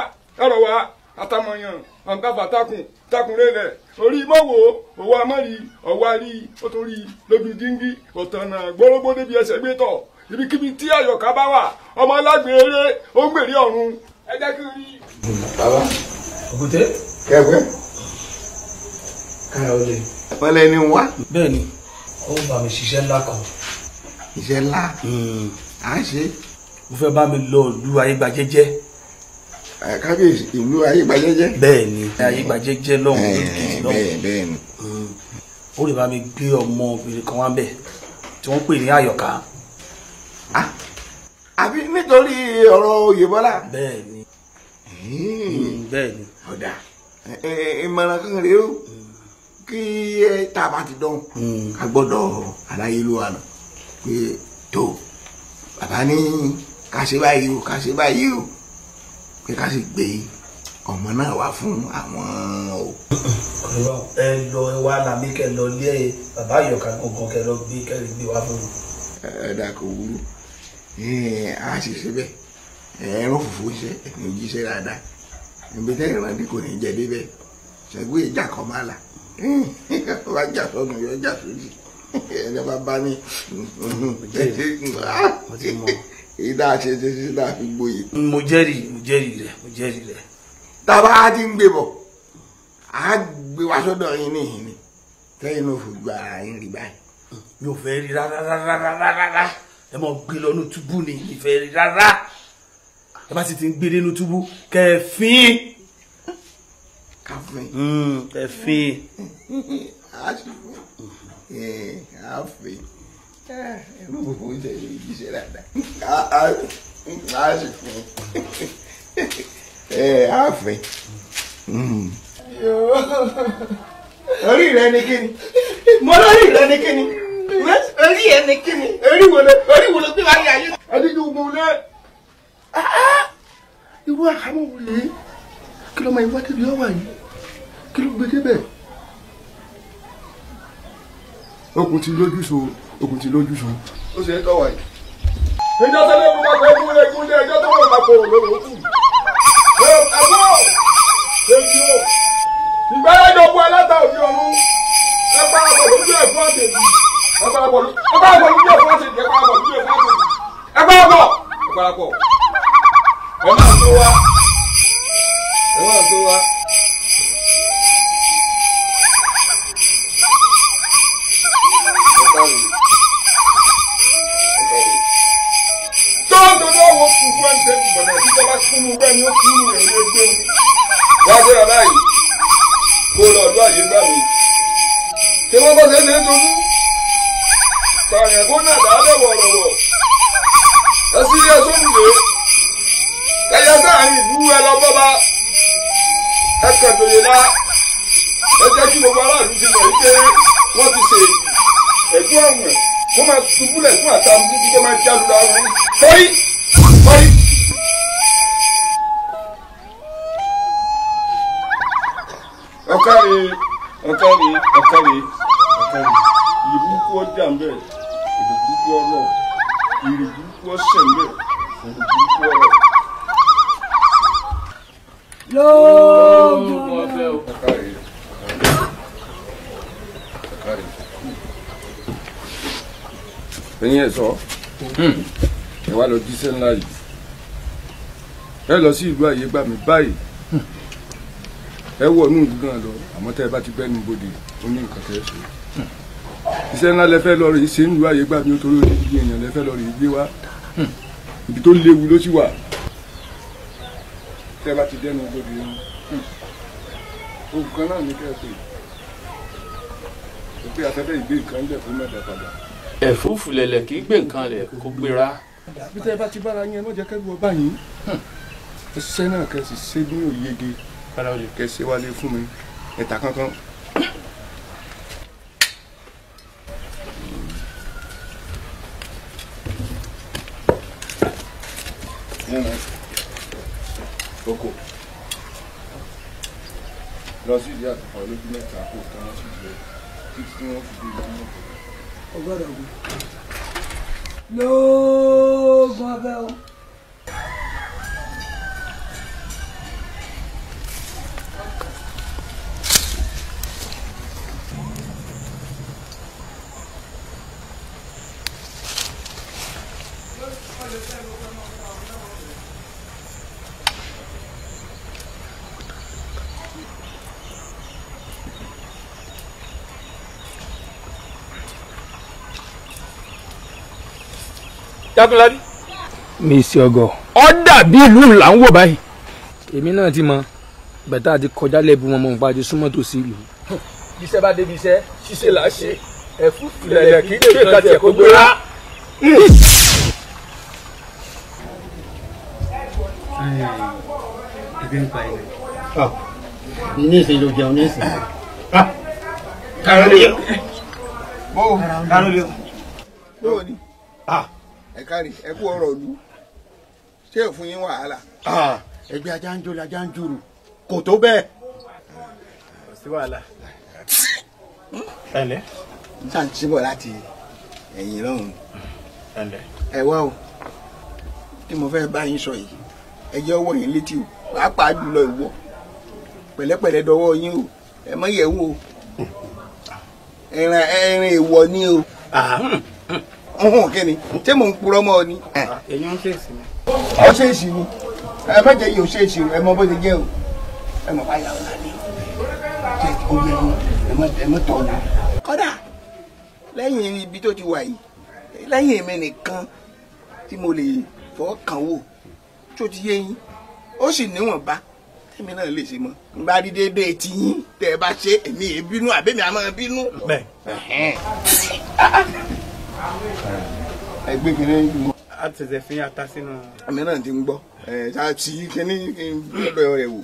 ẹ̀rọ wa àtàmọ̀yàn àǹkàfà takùn takùn rẹ̀ rẹ̀ orí mọ́wò òwò amọ́rí ọ̀wọ́ arí ó tún díngí ọ̀tànà gbólógbó débi ẹsẹ̀ gbé ibikíbi tí àyọ̀ká bá wà ọmọ alágbèrè ó ń gbèrè ọ̀run ẹ jẹ́ kí n rí. bàbá òkúté. kẹfẹ. káyọ̀ olè. ìpínlẹ̀ ni wá. bẹ́ẹ̀ni ó ń bá mi ṣiṣẹ́ ńlá kan. iṣẹ́ ńlá. Hmm. à ń ṣe. mo fẹ́ bá mi lọ ìlú ayégbàjẹ́jẹ́ Eh, kábíyèsí ìlú ayégbàjẹjẹ. bẹ́ẹ̀ni ayégbàjẹjẹ lọhùn eh, lókìtì lọhùn bẹ́ẹ̀ni. ó lè bá mi gbé ọmọ obìnrin kan wá bẹ tí wọ́n pè ní àyọkà. Ah, àbí nítorí ọ̀rọ̀ oyè bọ́lá. bẹ́ẹ̀ni eh. mm, ọ̀dà ìmọ̀ràn kan rèé o mm. kí tá a bá ti dán ká mm. gbọ́dọ̀ aláyélúwa nù pé tó bàbá ní ká ṣe báyìí o ká ṣe báyìí o pé ká sì gbé ọmọ náà wá fún àwọn òkú. ẹ lọ wá làmí kẹ lọ lé bàbá àyọkà gangan kẹ lọ gbé kẹrin gbé wá fún mi. ẹ dà kò wúrú a sì ṣe bẹ́ẹ̀ ẹ̀rọ fùfú ṣe ẹ̀kùn jíṣẹ́ dáadáa ibi tẹ́lẹ̀ rán bí kò ní jẹ́ débẹ̀ ṣẹ́gun ìjà kan máa là wá jà sọ́nù yọ jà sódì ẹ̀rọ bá bá ní. mo ti mọ̀ èyí tá a ṣe ṣe ṣe tá a fi gboyè. mo jẹ́rìí mo jẹ́rìí rẹ̀ mo jẹ́rìí rẹ̀. tábà á ti ń gbé bọ̀ á gbé wa sọ́dọ̀ yín níhìn ni tẹ́yìn náà fò gba ara yín rí báyìí. mi ò fẹ́ rí rárá rárá rárá ẹ mọ̀ gbé lọ nínú túbú ni mi fẹ́ rí rárá ẹ bá sì ti ń gbé nínú túbú kẹfín. káfíń. kẹfín. àfín irú gbogbo ń tẹ̀lé yìí ṣe dáadáa a sì fún ẹ eh, á fẹ́. Hmm. orí rẹ ni kíni mo lórí rẹ ni kíni orí ẹ ni kíni orí wo ló orí wo ló gbé wáyé ayé. adíjú gbogbo náà irú àhámọ́ wò lè kí ló máa ń wá débi ọ̀wà yìí kí ló gbé débẹ̀. okùn ti lójú sòrò ogun ti lójú sọ. ó ṣe é tọ́wọ̀ yìí. ìjọ sẹ́lẹ̀ ìlú pàpọ̀ ẹ̀kú ẹ̀kú ilé ẹjọ́ tó wọ̀ pàpọ̀ lọ́wọ́ kù. ẹ̀kú èyí o ìgbàlejò owó aláta òbí ọ̀run ẹ̀pá àbọ̀ lójú ẹ̀fọ́ àtẹ̀jì ẹ̀pá àbọ̀ lójú ẹ̀fọ́ àtẹ̀jì ẹ̀pá àbọ̀ lójú ẹ̀fọ́ àtẹ̀jì ẹ̀pá àbọ̀ ẹ̀pá àbọ̀ ẹ̀ máa tó wá ẹ̀ máa tó wá. tó bá sínú bẹ́ẹ̀ ni ó ti wù rẹ̀ lójú. wá gbéra báyìí kó lọ ọdún àyè gbà mí. ṣé wọ́n bọ́ sẹ́sẹ́ tó mú? pààyàn kó náà dá lọ́wọ́ lọ́wọ́. ẹ sì yẹ sóńgbé. ẹyẹ sáàrin ìlú ẹ lọ bọ́ba. ẹ kẹ̀tọ̀yẹ̀ dá. ẹ jẹ́ kí gbogbo aráàlú ti mọ̀ wípé wọ́n ti ṣe ẹ̀dùn ọ̀wẹ̀ wọ́n máa ṣubúlẹ̀ fún àtàwọn títí tó máa jáde láwọn. ọ̀kàrẹ̀ ọ̀kàrẹ̀ ọ̀kàrẹ̀ ọ̀kàrẹ̀ ìyè ọjà ń bẹ̀ èdè burúkú ọ̀rọ̀ ìrè burúkú ọ̀sẹ̀ ń bẹ̀ èdè o. ọ̀kàrẹ̀ ọ̀kàrẹ̀ ẹ̀yin ẹ̀ sọ hmm. ẹ̀ wá lọ jíṣẹ́ ńlá yìí ẹ lọ sí ìlú àyè gbà mí báyìí ẹ wọ inú ìlú náà lọ àmọ́ tẹ́ ẹ bá ti gbẹ́nu bodè ó ní nǹkan tẹ́ ẹ ṣe iṣẹ́ ńlá lẹ́fẹ́ lọ rèé ṣe ń lu àyè gbàgbé nítorí odidi èèyàn lẹ́fẹ́ lọ rèé gbé wá ibi tó léwu ló sì wà tẹ́ ẹ bá ti dẹ́nu bodè wọn hmm, oògùn kan náà ní kẹ́ẹ̀pẹ́ ò pé afẹ́fẹ́ ìgbé nǹkan lẹ̀ fún mẹ́ta padà. ẹ̀fúùfù lẹ̀lẹ̀ kì í gbé nǹkan lẹ̀ kó gbéra. bí tẹ́ ẹ bá ti bára yín ẹ má jẹ́ kẹ́gbọ́ báyìí hmm. iṣẹ́ náà kẹ́sì ṣe ní òyege kẹ́ ṣe wálé fún mi ẹ̀ta kankan. oko lọ sí ìdí àtùpà olójú mẹ́ta kó ká wọn sì jẹ títí wọn fi dé ìlú náà. ọgọdọgùn lóògùn abẹ́ o. jákúnládé. mi sí ọgọ. ọ dàbí ìlú là ń wò báyìí. èmi náà ti mọ bẹ̀tà àti kọjá lẹ́bù wọn mọ̀ nípa àti súnmọ́ tòsí ìlú. iṣẹ́ bá débi iṣẹ́ ṣíṣe là á ṣe ẹ̀fún ìlẹ̀lẹ̀ kì í ṣe ìtàjì ẹ̀kọ́ gbéra. ẹgbẹ́ ń pa ẹ̀ ní ní ìsìn ló jẹun ní ìsìn. kárọ̀ lè yọ. kárọ̀ lè yọ ẹ kárí ẹ kú ọ̀rọ̀ lu ṣé ò fún yín wàhálà. ẹgbẹ́ ajá ń jòlè ajá ń jòrò kò tó bẹ́ẹ̀. kò sí wàhálà. ẹnlẹ. n ṣàn ti bọ̀ láti ẹ̀yìn lọ́hùn. ẹnlẹ. ẹ wá o tí mo fẹ́ bá yín sọ yìí ẹ jẹ́ ọwọ́ yín létí o pàápàá jùlọ ìwọ pẹ̀lẹ́pẹ̀lẹ́ dọwọ́ yín o ẹ mọ̀ yẹ̀ wò o ẹran ẹran ni o ọ̀hún kí ni ṣé mò ń purọ́ mọ́ ọ ni. Ah, èyí ń ṣèṣì ni. ọ ṣèṣì ni ẹ má jẹ́ yìí ò ṣèṣì o ẹ mọ bó ṣe jẹ́ o ẹ mọ̀ bá yàrá ni ṣe omi ẹ̀rọ ẹ mọ̀ tọ̀ ni. kọ́dà lẹ́yìn ibi tó ti wà yìí lẹ́yìn èmi nìkan tí mo lè fọ́ kàn wò tó ti yé yín ó sì níwọ̀nba tèmi náà lè ṣe mọ́ nígbà rí déédéé tí yín tẹ́ bá ṣe èmi èbínú àbẹ́mi àmọ́ bínú. bẹ́ẹ̀. ẹgbẹ́ kìíní mọ. a ti ṣẹ̀ṣẹ̀ fi ata sínú. àmì náà ti ń gbọ́ ẹ̀ ṣáà ti kíní rẹ̀ wò.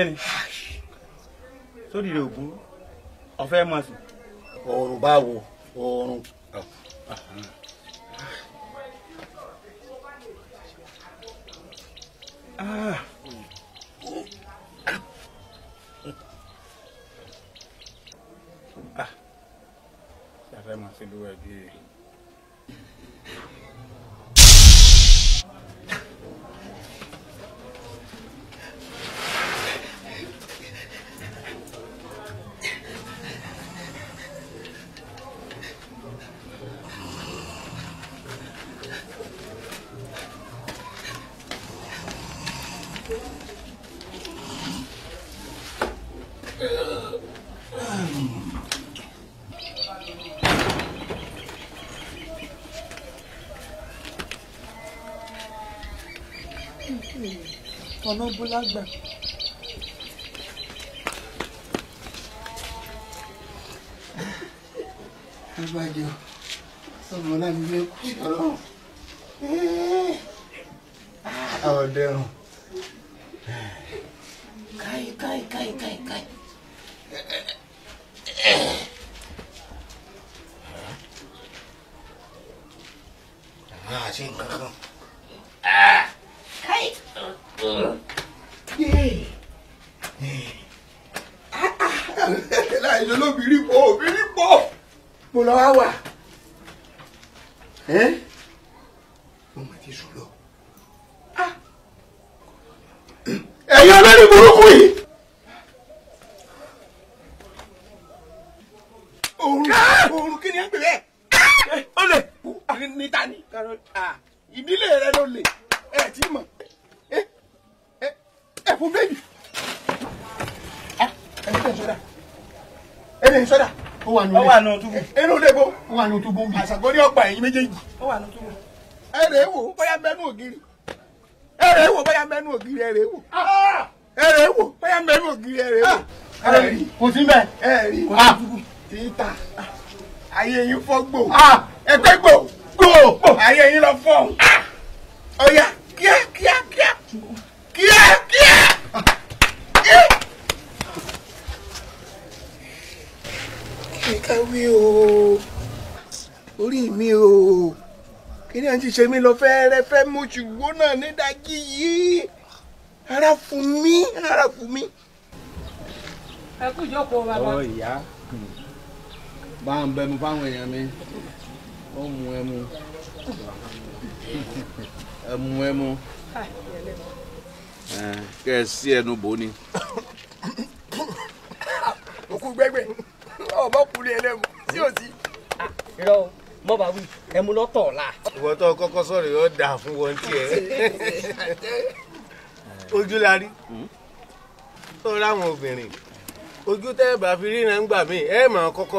kíni sórí rẹ ògún ọ̀fẹ́ máa sùn. oorun báwo oorun. Ah. Ah. Ya ah. fẹ́ máa ṣe lówó ẹbí rẹ̀. ọ̀nà búlágbà. ìbàjẹ́ ọmọ náà mi lè kú ìṣòro àwọn wà nù túbú. inú lebo. ó wà nù túbú bí. ní ọ̀pá ẹ̀yìn méjèèjì. ó wà nù túbú. ẹ rèé bóyá mẹ́nu ògiri. ẹ rèé bóyá mẹ́nu ògiri ẹ rèé wò. ẹ bóyá mẹ́nu ògiri ẹ rèé wò. Ah! rí ah! kò sí bẹ́ẹ̀. ẹ rí ah! kò sí túbú. títà ayé yín fọ́ gbò. ẹ gbò gbò ayé yín lọ fọ́ ọ̀ya. ṣe mí lọ fẹ́ rẹ fẹ́ mú ṣùgbọ́n náà nídàjí yìí ara fún mi ara fún mi. ẹ kú ìjókòó bàbá. ọ ìyá bá ń bẹnu fáwọn èèyàn mi ó mu ẹmu ẹmu ẹmu kẹ ẹ sí ẹnu bò ni. òkú gbẹgbẹ ọmọkùnrin ẹlẹmu sí òsì. mọ bá wí ẹ mú ìwọ tó yóò dà fún wọn tiẹ̀ ojú la rí tó ráwọn obìnrin ojú tẹ́ fi bá fi ríran gbà mí ẹ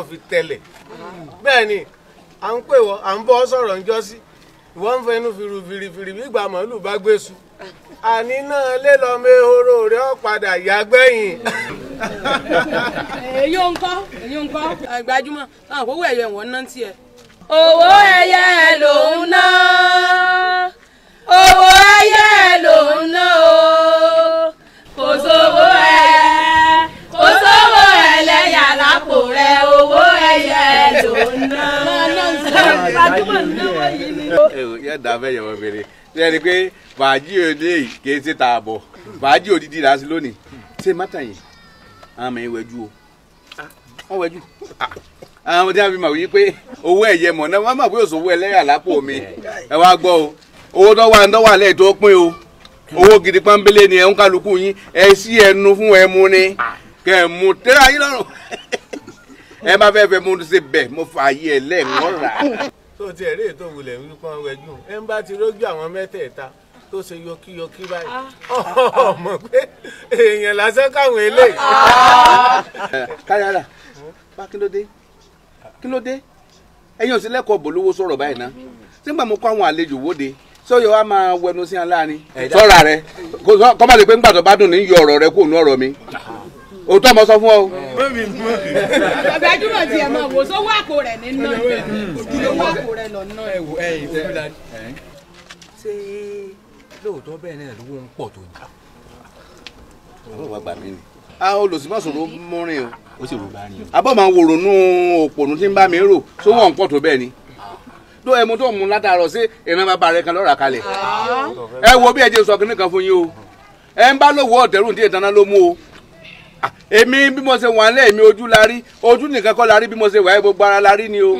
fi tẹlẹ bẹ́ẹ̀ ni à ń pè wọ́ à ń ń ìwọ ń fẹnu bí ọ gbẹ̀yìn. èyí ò ń kọ́ èyí ò ń kọ́ gbajúmọ̀ àwọn àkókò owó ẹyẹ ló ń ná owó ẹyẹ ló ń ná o kò sówó ẹyẹ kò sówó ẹlẹ́yà lápò rẹ owó ẹyẹ ló ń ná. yẹ da bẹ yẹ wọn fèrè ṣe ẹni pé fàájì òde kì í ṣe tààbọ̀ fàájì òdìdí làásì lónìí ṣe mátà yìí àmì ìwẹ́jú o wọ́n wẹ́jú àwọn ọmọdé àbí màá wí pé owó ẹ̀yẹ mọ̀ náà wọ́n máa pé òṣòwò ẹlẹ́yà lápò mi ẹ wá gbọ́ o owó tó wà ń dọ́wà lẹ́yìn tó pín o owó gidi pọ́nbélé ni ẹ̀ ń kálukú yín ẹ sí ẹnu fún ẹ mú ni kẹ ẹ mú tẹ́lá yín lọ́rùn ẹ má fẹ́ fẹ́ mú un ṣe bẹ̀ mo fà yí ẹ lẹ́ẹ̀mọ́ rà. tó o ti ẹ̀rí ètò ìwòlẹ̀ ń pọ́n wẹ́jú ẹ ń bá ti rójú àwọn mẹ́tẹ̀ẹ̀ta tó ṣe yọkíyọkí báyìí ah. ọmọ pé èèyàn lásán káwọn eléyìí. káyọ̀dà bá kí ló dé kí ló sí lẹ́kọ̀ọ́ bòlówó sọ̀rọ̀ báyìí ná nígbà mo kó àwọn àlejò wóde yọ wa máa wẹnu sí aláàánú sọ́ra rẹ kọ́ lè pé bá dùn yọ ọ̀rọ̀ rẹ kó nu ọ̀rọ̀ mi sọ fún ọ. wò sówó àpò rẹ̀ ní àpò rẹ̀ lọ a olùsímọ̀sòro múrin o. ó sì rògbà ní o. abọ́ máa wò ronú òpònú tí ń bá mi rò tó wọ́n pọ̀ tó bẹ́ẹ̀ ni. dó tó sí ìran bàbá rẹ kan lọ́ra kalẹ̀. ẹ wo bí ẹ sọ kínní kan fún yín o. ẹ ń bá lówó ló mú o. èmi bí mo ṣe wà ń èmi ojú la rí ojú nìkan kọ́ la rí bí mo ṣe wà ẹ́ gbogbo ara la rí ni o.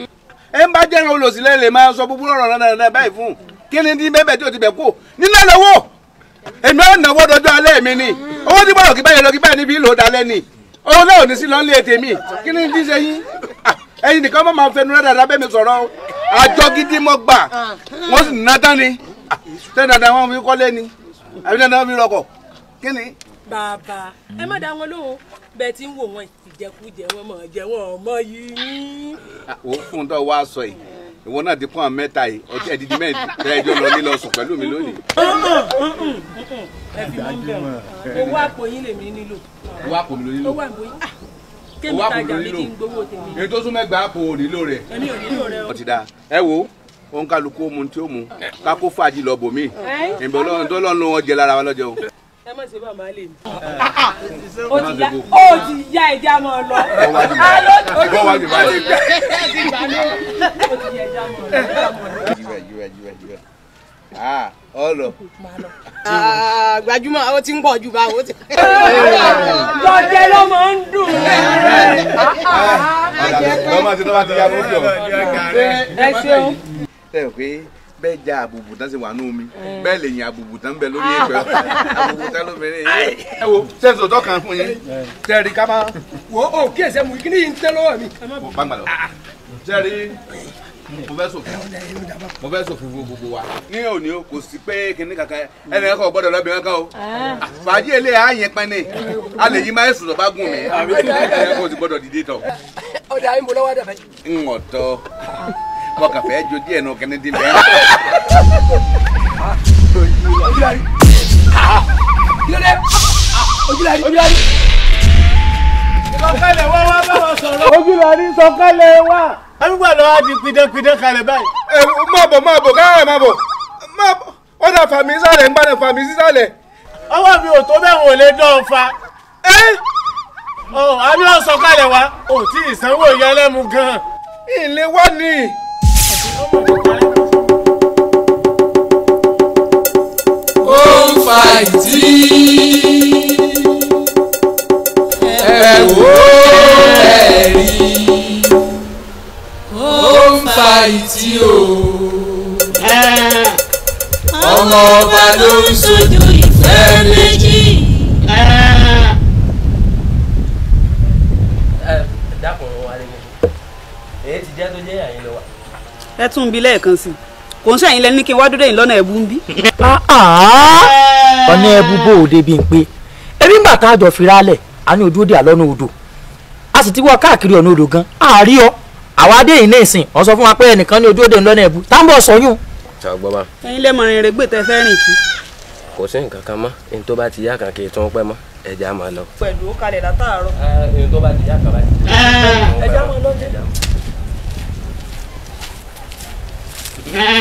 ẹ ń bá jẹ́ràn lè máa sọ búburú ọ̀rọ̀ èmi ò náwó dojú alẹ́ mi ni owó tí bọ́ọ̀lù kíbáyé lọ kíbáyé níbi ìlò dalẹ́ ni owó náà ò ní sí lọ nílé tèmi kí ni díṣe yín ah, ẹ̀yin nìkan mọ̀ máa fẹnu rẹ̀ dáadáa bẹ́ẹ̀ mi sọ̀rọ̀ o àjọ gidi mọ̀ gbà wọ́n sì ná tán ni tẹ́ ah, dandan wọn fi kọ́lé ni àbí dandan wọn fi rọkọ̀ kí ni. bàbá ẹ má dá wọn lóhùn bẹ́ẹ̀ tí ń wò wọn ìjẹkújẹ wọn mọ̀ jẹ́ wọn ọmọ yìí. àwọn ah, fún un tó wá sọ yìí ìwọ náà ti pọ́n mẹ́ta yìí ọtí ẹ̀dídì mẹ́rin ẹjọ́ lọ nílọ sùn pẹ̀lú mi lónìí. ẹ fi mú bẹ́ẹ̀ owó àpò yín lèmi nílò. owó àpò mi ló nílò. owó àpò yín ah, kémi tajà mi kí n gbowó tèmi. èyí tó sún àpò ò nílò rẹ̀. èmi ò nílò rẹ̀ o. ọtí da ẹ wo òun kálukú tí ó mu kákó fàájì lọ bòmí ìbọn lọ́nà tó lọ́nà wọn jẹ lára wa lọ́jọ́ o ẹ má ṣe bá màá lè mi. o ah, ah. ah, ti ya o ti ya ẹjẹ a máa lọ. alo o ti ya ẹjẹ a máa lọ. o ti ya ẹjẹ a máa lọ. Ah, ọlọ. Gbajúmọ̀ ó ti ń pọ̀ jù bá ó ti. Lọ́jẹ́ ló máa ń dùn. Lọ́mọ àti lọ́mọ àti ìyá mú Ẹ ṣeun bẹ́ẹ̀ ja àbùbù tán ṣe wà ní omi eh. bẹ́ẹ̀ lè yin àbùbù tán bẹ lórí ẹ̀fẹ́ ah. àbùbù tán lómìnirin yìí ẹ wo sẹ́sọ̀ tó kàn fún yín tẹ̀rí eh. ká máa. wo o kí ẹsẹ mu kíní yìí ń tẹ lọ́wọ́ mi. mo bá gbàdọ̀ tẹ̀rí ah, ah. mo fẹ́ sòfin mo fẹ́ sòfin fún gbogbo wa. ní òní o kò sí pé kíní kankan ẹnì kan kò gbọ́dọ̀ lọ́bìnrin kan o fàájì ilé ààyè pẹ́ni eh, a lè yí máa sùn bá gùn mí ẹnì kan kò sì gbọ́dọ̀ dìde tọ̀. ọ̀dà ìmọ̀lọ́wọ́ dàbẹ́. ń ọ̀tọ̀ mo kàn fẹ́ jo díẹ̀ náà kẹ́ni dín bẹ́ẹ̀. ojúlari ojúlari ojúlari sọ̀kalẹ̀ wá wá bá wọn sọ̀rọ̀. ojúlari sọ̀kalẹ̀ wá. arúgbó àlọ́ wa di pidánpidán kalẹ̀ báyìí. ẹ máa bọ̀ máa bọ̀ káwọn máa bọ̀ máa bọ̀ wọ́n dà fàmí sísàlẹ̀ ń gbàdọ̀ fàmí sísàlẹ̀. ọwọ́ mi ò tó bẹ́ẹ̀ wò lé dán fa. ẹ ọ àbí wọn sọ̀kalẹ̀ wá. ò tí ì sanwó ìyá ẹlẹ́mu gan-an. ilé ni ó ń fa ìdí ẹ wò ẹ rí ó ń fa ìdí o ọmọ ọba ló ń sojú ìfẹ́ mi. ẹ tún bí lẹ́ẹ̀kan sí kò ń ṣẹ̀yìn lẹ́ni kí n wá dúró yìí lọ́nà ẹ̀bù ń bí. Ah, ah. ọ̀nà ẹ̀bù bò ó débi ń pé ebi ń gbà tá a jọ fira lẹ̀ a ní ojú òde àlọ́nà odò a sì ti wá káàkiri ọ̀nà odò gan àárí ọ àwa dé yìí náà sìn wọ́n sọ fún wa pé ẹnìkan ní ojú òde ńlọ́nà ẹ̀bù táǹbọ̀ sọyún. ẹ̀yin lẹ́mọ̀ rìn rẹ̀ gbé tẹ fẹ́ rìn kí. kò sí nǹkan kan mọ́ ní tó bá ti yá kan kì í tún pẹ́ mọ́ ẹ̀já máa lọ. Ah!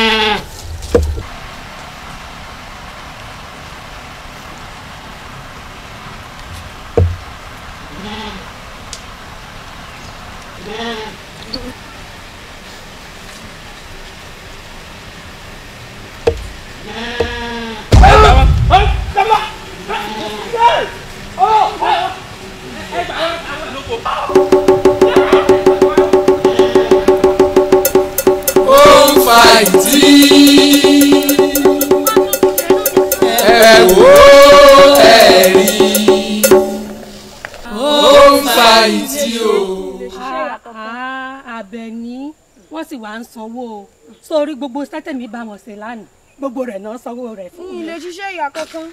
gbogbo sẹ́tẹ̀ mi bá wọn ṣe lánàá gbogbo rẹ̀ náà sanwó rẹ̀ fún mi. ilé ṣiṣẹ́ ìyá kankan.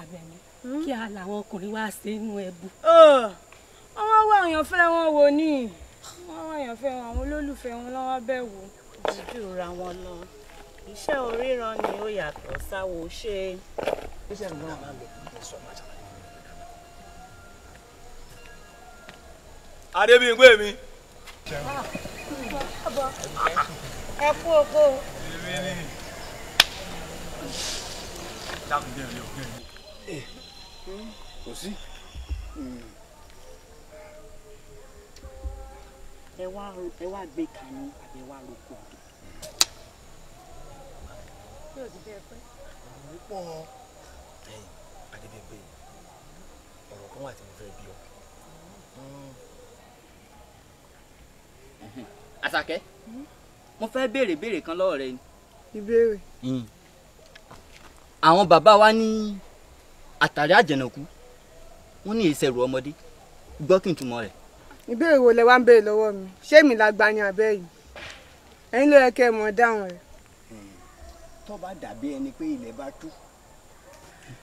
àbẹ̀mí kí a làwọn ọkùnrin wá ṣe inú ẹbú. wọ́n wá àyànfẹ́ wọn wò ní wọ́n wá àyànfẹ́ wọn àwọn olólùfẹ́ wọn lọ́wọ́ bẹ̀ wò. jíjú ra wọn lọ iṣẹ́ oríran ni ó yàtọ̀ sáwo ṣe. iṣẹ́ mi náà máa ń lọ ní ẹ kú oko. Eh, kò sí. ẹ wá gbé kànú àbẹ̀wá roko pé òsì bẹ́ẹ̀ pẹ́. òun pọ̀ ẹ̀yìn adébẹ̀gbẹ̀ ọ̀rọ̀ kan wà tí mo fẹ́ bí ọ. Hmm. mo fẹ́ béèrè béèrè kan lọ́wọ́ rẹ ni. ìbéèrè. Hmm. àwọn bàbá wa ní àtàrí àjẹnàkú wọn ní ìṣẹ̀rù ọmọdé gbọ́ kí n túmọ̀ rẹ̀. ìbéèrè wo lẹ wá ń béèrè lọ́wọ́ mi ṣé mi la ni àbẹ́ yìí ẹ̀yin ló yẹ kẹ́ ẹ mọ̀ dáhùn rẹ̀ tó bá dàbí ẹni pé ilẹ̀ bá tú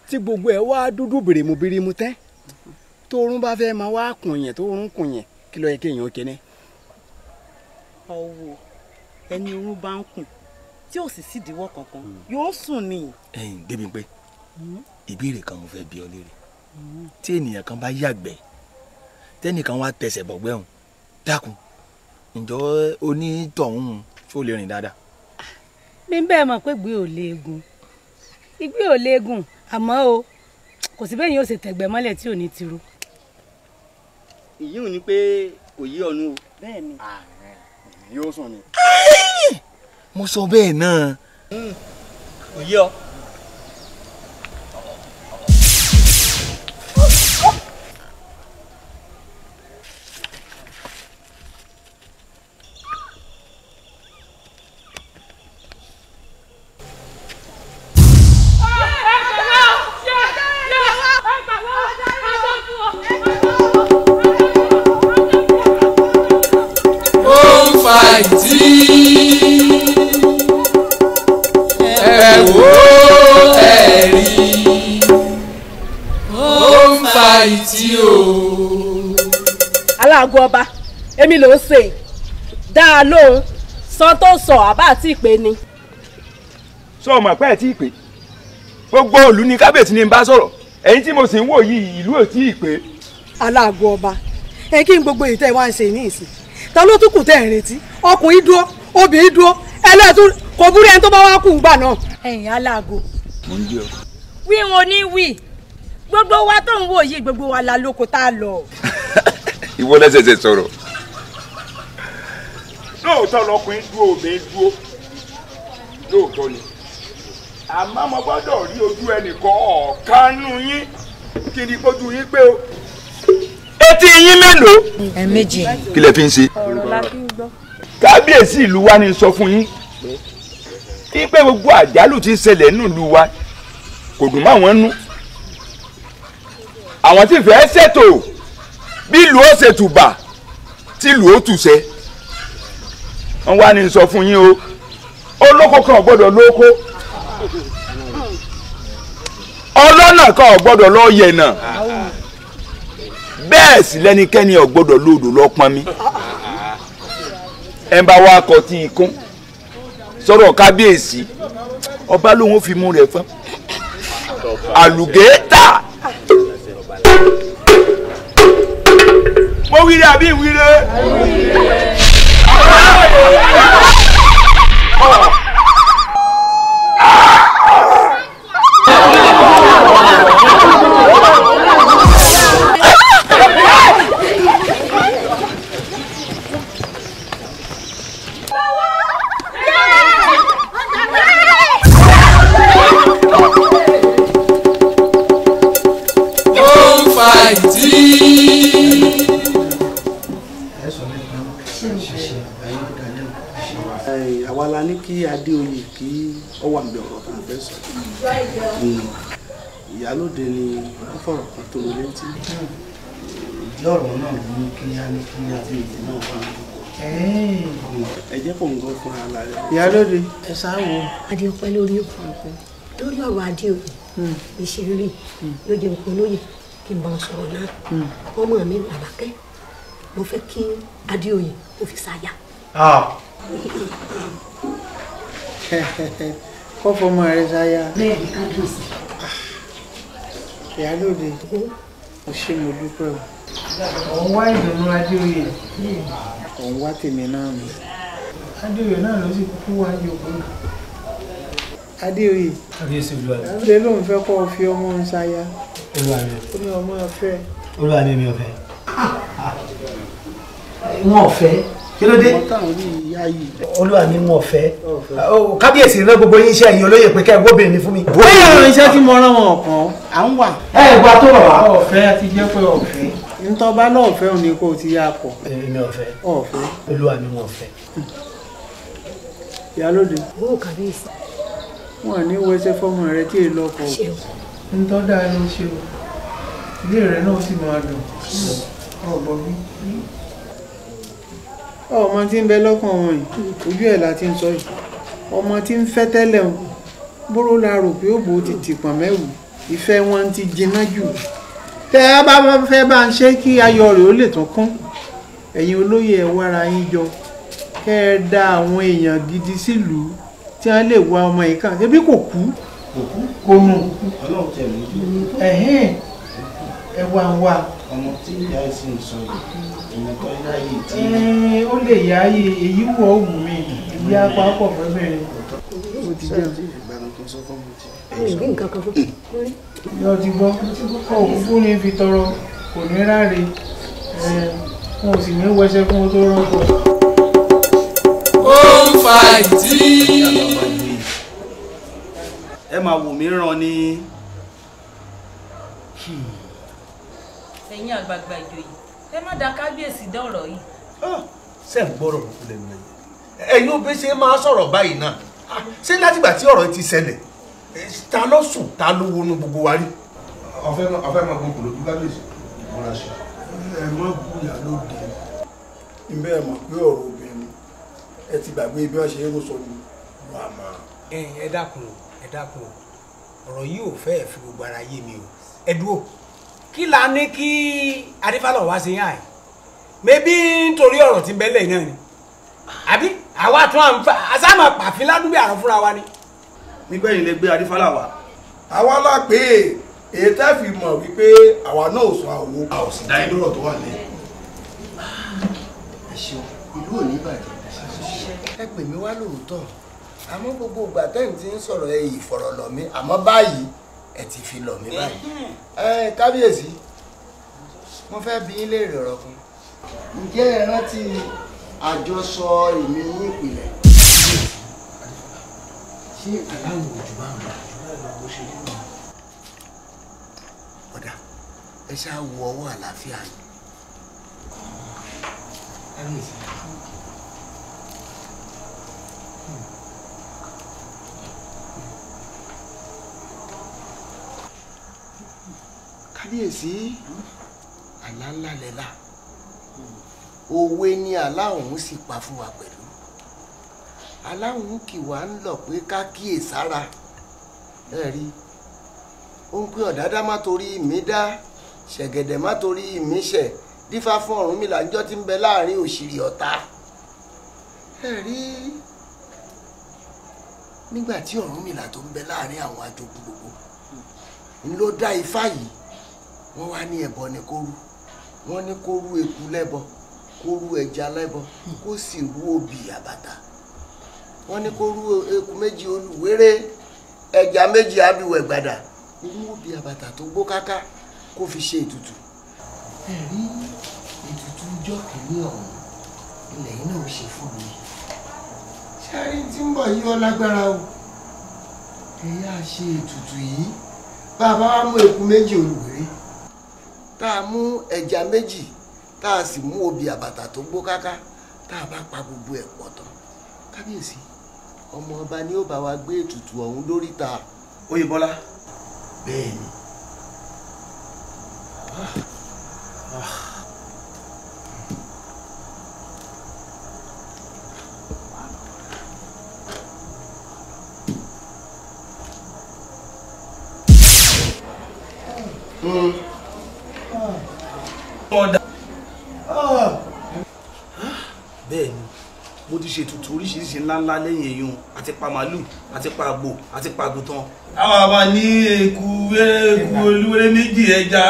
tí gbogbo ẹ̀ wá dúdú bìrìmù bìrìmù tẹ́ tóorun bá fẹ́ máa wá kùnyẹ̀ tóorun kùnyẹ̀ kí ló yẹ kéèyàn kẹ́ni. ọwọ́ ẹni orun bá ń kùn tí ò sì sídìíwọ́ kankan hmm. yóò sùn ni. ẹyin débi pé hmm. ìbéèrè kan mo fẹ́ bi ọ léèrè hmm. tí ènìyàn kan bá yàgbẹ́ tẹ́nìkan wá tẹsẹ̀ bọ̀gbẹ́ ọ̀hún dákun ǹjọ́ onítọ̀hún ṣó lè rìn dáadáa mi bẹ́ẹ̀ mọ̀ pé gbé ò léegun ìgbé ò léegun àmọ́ o kò sí bẹ́ẹ̀ yóò ṣe tẹ̀gbẹ́ mọ́lẹ̀ tí ò ní tìrú. ìyíùn ni pé kò yí ọnu o. bẹ́ẹ̀ ni ah, eh, yóò sùn ni. mo sọ bẹ́ẹ̀ náà. Hmm, kò yí ọ. ṣe dá a lóhùn sọ tó sọ àbá àti ìpè ni. sọ ọmọ àpá ẹ̀ tí ì pè gbogbo òlù ni kábíyèsí ni n bá sọ̀rọ̀ ẹ̀yin tí mo sì ń wò yìí ìlú ò tí ì pè. aláàgọ́ ọba ẹ kí n gbogbo èyí tẹ́ ẹ wá ń ṣe ní ìsìn ta ló tún kù tẹ́ ẹ̀ ń retí ọkùnrin dúró obìnrin dúró ẹlẹ́tún kò búrú ẹni tó bá wá kù ń gbà náà. ẹ̀yin aláàgọ́. mo ń jẹ ọ. wí wọn ní wí gbogbo wa tó ń wò yìí gbogbo wa la lóko tá a lọ. ìwọ lẹsẹsẹ sọ̀rọ̀ lóòótọ́ lọkùnrin dúró obìnrin dúró lóòótọ́ ni àmọ́ mo gbọ́dọ̀ rí ojú ẹnìkan ọ̀kanú yín kí ni kójú yín pé o. etí yín mélòó. ẹ kí lẹ fi ń ṣe. kábíyèsí ìlú wa ni sọ fún yín kí pé gbogbo àjálù ti ṣẹlẹ̀ nílùú wa kò dùn mọ́ àwọn nú àwọn tí fẹ́ ṣètò bí ìlú ó ṣe tí ìlú ó tùṣẹ́ wọ́n wá ní sọ fún yín o olóko kan ò gbọ́dọ̀ lóko ọlọ́nà kan ò gbọ́dọ̀ lọ yẹ̀nà bẹ́ẹ̀ sì lẹ́nikẹ́ni ò gbọ́dọ̀ lódò lọ pọnmi ẹ bá wa kọ tí ikún sọ̀rọ̀ kábíyèsí ọba lòun fi mú rẹ̀ fún àlùgẹ́ta mo wíire àbí ìwíire. Oh! àwa la ní kí adéoyè kí ọ wà níbi ọ̀rọ̀ kan fẹ́ sọ hmm. ìyálòde ni wọ́n fọ̀rọ̀ kan tó lórí létí. ìdí ọ̀rọ̀ náà ló ní kí á ní kí adéoyè náà wà níbi hmm. ẹ jẹ́ kó ń gan fún ara rẹ̀. ìyálòde. ẹ sáwọ. adéọpẹ lórí òkùnkùn lórí ọ̀rọ̀ adéoyè ìṣeré ló jẹ nǹkan lóye kí n bá sọ̀rọ̀ náà hmm. ọmọ mi làbákẹ́ mo fẹ́ kí adéoyè kó fi sáyà. kọ́ fọmọ rẹ sáyà. bẹ́ẹ̀ni kábíyèsí. ìyálóde mo ṣe mo dúpẹ́ o. òun wá ìdùnnú adéoyè. òun wá tèmi náà mi. adéoyè náà ló sì kúkú wá yòókù. adéoyè. kábíyèsí olúwa mi. adéoyè lòun fẹ́ kọ́ ọ fi ọmọ ń sáyà. olúwa mi. ó ní ọmọ ọ̀fẹ́. olúwa mi mi ọ̀fẹ́. wọn ò fẹ́ kí ló dé olúwa mi wọn fẹ́ kábíyèsí rán gbogbo yín iṣẹ́ yìí olóyè pé kẹ gómìnà fún mi. bóyá àwọn iṣẹ́ tí mo rán wọn kàn á ń wà. ẹ ẹ gba tó bàbá. ọ̀fẹ́ àti jẹ́ pé ọ̀fẹ́. ntọ́ba náà fẹ́ òní kó o ti yá pọ̀. èmi ọ̀fẹ́ ọ̀fẹ́ olúwa mi wọn fẹ́. ìyálóde. owó kábíyèsí. wọn ní wẹsẹ fọmọ rẹ tí èèlò ọkọ. ntọ́ dáa ló ṣe o ilé rẹ náà sì máa dùn ọ̀gbọ́n mi ọmọ tí ń bẹ lọ́kàn wọn yìí ojú ẹ̀ la ti ń sọ yìí ọmọ tí ń fẹ́ tẹ́lẹ̀ wọn bóró la rò pé òbò ti tìpọ̀n mẹ́wù ìfẹ́ wọn ti jiná jù tẹ ẹ bá fẹ́ bá ń ṣe kí ayọ̀ rẹ̀ ó lè tán kún ẹ̀yin olóyè ẹ̀ wára yín jọ kẹ́ ẹ da àwọn èèyàn gidi sílùú tí wọ́n lè wá ọmọ yìí kàn ebi kò kú kò nù ẹ̀hìn ẹ̀ wá ń wá. ọmọ tí ìyá ẹ̀ sì ń sọ yìí ìyẹn kan yáyè tí. ó lè yáyè èyí wọ òwú mi ìyá pápọ̀ fẹ́bẹ̀rẹ̀. mo ti gbọ́ òkúkú ni fi tọrọ kò ní ráre wọn ò sì ní wẹsẹ fún wọn tó rọgbọ. ó ń fa ìdí. ẹ máa wò mí ràn ni. ẹ̀yin àgbààgbà ìjòyè ẹ má da kábíyèsí dọ̀rọ̀ yìí. Ah, ṣé ń gbọ́rọ̀ lókun lẹ́nu ẹ̀yẹ ẹ̀yin òbí ṣe máa sọ̀rọ̀ báyìí náà ah, ṣé látìgbà tí ọ̀rọ̀ ti ṣẹlẹ̀ ta ló sùn ta ló wọnú gbogbo wa rí. ọ̀fẹ́ máa gbogbo lójú kábíyèsí ọ̀rọ̀ àṣẹ. ẹ má bùyà lóde ìbẹ́ ẹ̀ mọ̀ pé ọ̀rọ̀ obìnrin ẹ ti gbàgbé bí wọ́n ṣe ń sọ ní màmá. ẹ dákun ẹ dákun ọ̀rọ̀ yìí ò fẹ́ẹ̀ fi gbogbo ara yé mi o ẹ dúró kí la ní kí adífálọ̀ wá sí yàn ẹ̀ mẹ́bí nítorí ọ̀rọ̀ tí ń bẹ́lẹ̀ náà ni àbí àwa tún à ń fa àsámà pàfin ládùúgbò àrùn fúnra wa ni. nígbà yìí lè gbé adífálà wá. àwa la pé èyí tá fi mọ̀ wípé àwa náà ò sọ àwo a ò sì dá inú ọ̀rọ̀ tó wà lẹ́yìn. ẹ ṣeun ìlú ò ní bàjẹ́ ẹ pè mí wá lóòótọ́ àmọ́ gbogbo ìgbà tẹ́yìn tí ń sọ̀rọ̀ ẹ ìfọ̀rọ̀lọ̀ mi àmọ́ báyìí ẹ ti fi lọ mí báyìí. ẹ kábíyèsí mo fẹ́ bi yín léèrè ọ̀rọ̀ kan. ǹjẹ́ ẹ rántí àjọsọ èmi ní ìpìlẹ̀. ṣé aláwọ̀ ojú bá ń bá ọ̀dà ẹ ṣáà wo ọwọ́ àlàáfíà yìí. kábíyèsí àlá ńlá lẹ́la òwe ni àlá ọ̀hún sì pa fún wa pẹ̀lú àlá ọ̀hún kì wá ń lọ pé ká kíyèsára ẹ rí ó ń pé ọ̀dádá má torí mi dá ṣẹ̀gẹ̀dẹ̀ má torí mi ṣẹ̀ dífá fún Ọ̀rúnmìlà ńjọ́ tí ń bẹ láàrin òṣìrì ọ̀tá ẹ rí nígbà tí Ọ̀rúnmìlà tó ń bẹ láàrin àwọn ajogun gbogbo ń ló dá ifá yìí wọ́n wá ní ẹbọ ní kóru wọ́n ní kóru eku lẹ́bọ kóru ẹja lẹ́bọ kó sì rú obì àbàtà wọ́n ní kóru eku méjì olùwérè ẹja méjì abiwẹ̀ gbàdà rú obì àbàtà tó gbó káká kó fi ṣe ètùtù. ẹ̀rí ètùtù ọjọ́ kìíní ọ̀hún ilẹ̀ yìí náà ṣe fún mi ṣáàrí tí ń bọ̀ yìí ó lágbára o ẹ̀yà ṣe ètùtù yìí bàbá wa mú eku méjì olùwérè tá a mú ẹja méjì tá a sì mú obì àbàtà tó gbó káká tá a bá pa gbogbo ẹ̀ pọ̀ kábíyèsí ọmọ ọba ni ó bá wa gbé ètùtù ọ̀hún lóríta. oyèbọlá. bẹ́ẹ̀ ni. Mm. ṣe ètùtù oríṣiríṣi ńláńlá lẹ́yìn èyàn àti pa màálù àti pa àgbò àti pa àgùntàn. àwọn àwa ní eku eku olúwere méjì ẹja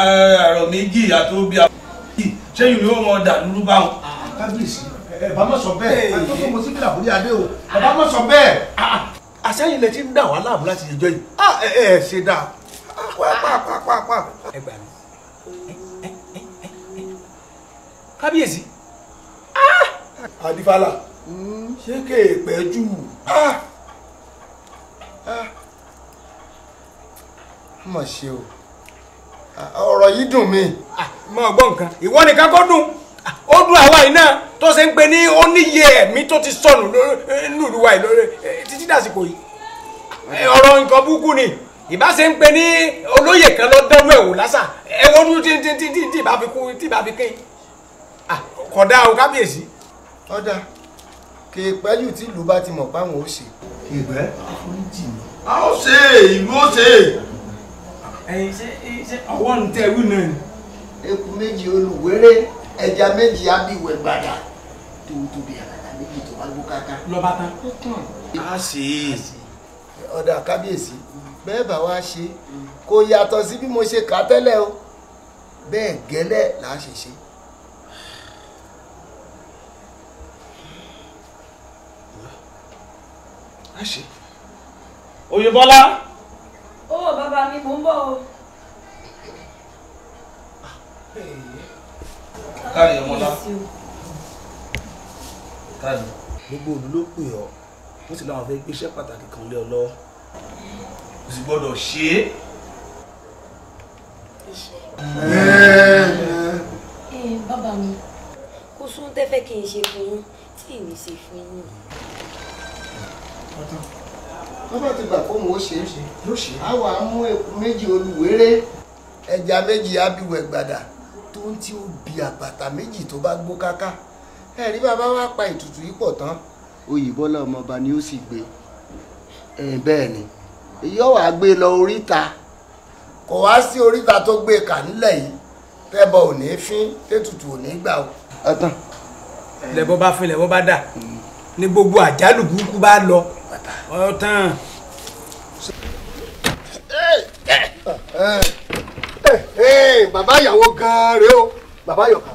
àrọ méjì àtòbí àpò ṣé yìí yóò mọ dà lúrú báwọn. Ah, ah, kábíyèsí ẹ bá mọ̀ sọ bẹ́ẹ̀ àtúntò mo sì kí làbúrí adé o ẹ bá mọ̀ sọ bẹ́ẹ̀. Ah, àṣẹyìn lẹ ti ń dà wá láàmú láti ìjọ yìí ẹ ẹ ṣe dà pàápàá. ẹ gbà mí kábíyèsí. adifala ṣé kèé pẹ́ jù. mọ̀ ṣe o ọ̀rọ̀ yìí dùn mí. Ah, mo gbọ́ nǹkan ìwọ nìkan kọ́ dùn ó dùn àwa yìí náà tó ṣe ń pe ní ó níye ẹ̀mí tó ti sọnù eh, nílùú wa yìí eh, títí dàsìkò yìí eh, ọ̀rọ̀ nǹkan burúkú ni ìbá ṣe ń pe ní olóyè kan lọ dánwó ẹ̀wò lásà ẹ̀wọ́ ní tí tí tí tí ìbá fi kú tí ìbá fi kín ah, kódà o kábíyèsí. ọ̀dà kì í pẹ́ jù tí ìlú bá ti mọ̀ páwọn ó ṣe. kì a ó ṣe ìlú ó ṣe. ẹyin ṣe ṣe ọwọ́ ń tẹ ewu náà ni. eku méjì olùwérè ẹja méjì abiwẹ̀ gbàdà tòun àgàdà méjì tó bá gbó káká. lọ́ba tán. a ṣe é. ọ̀dà kábíyèsí bẹ́ẹ̀ bá wá ṣe kò yàtọ̀ sí bí mo ṣe kà á tẹ́lẹ̀ o bẹ́ẹ̀ gẹ́lẹ́ là á ṣe ṣe. má ṣe. oyè bọ́lá. ó bàbá mi mò ń bọ̀ o. Ah, káàdì ọmọlá káàdì. gbogbo òdu ló pè ọ́ wọ́n sì láwọn fẹ́ gbéṣẹ́ pàtàkì kan lé ọ lọ́wọ́ kò sì gbọ́dọ̀ ṣe é. bàbá mi kò sóhun tẹ́ fẹ́ kí n ṣe fún yín tí èmi ṣe fún yín ọ̀tàn tó bá ti gbà fóun ó ṣe é á wà á mú eku méjì olùwéré ẹja méjì ábíwẹ̀ gbàdà tó ń tí ó bi àbàtà méjì tó bá gbó káká ẹ̀rí bàbá wa pa ìtùtù yìí pọ̀ tán Oyèbọ́lá ọmọọba ni ó sì gbé bẹ́ẹ̀ ni èyí ọ̀wà gbé lọ oríta kò wá sí oríta tó gbé kà nílẹ̀ yìí tẹ́bọ̀ ò ní fín tètùtù ò ní gbà o. ọtán. lẹ́bọ̀ bá fín lẹ́bọ̀ bá dà ní gbogbo àjálù burúkú bá lọ pátápátá. ọ̀tàn. bàbá ìyàwó gan-an rèé o bàbá yọ̀ká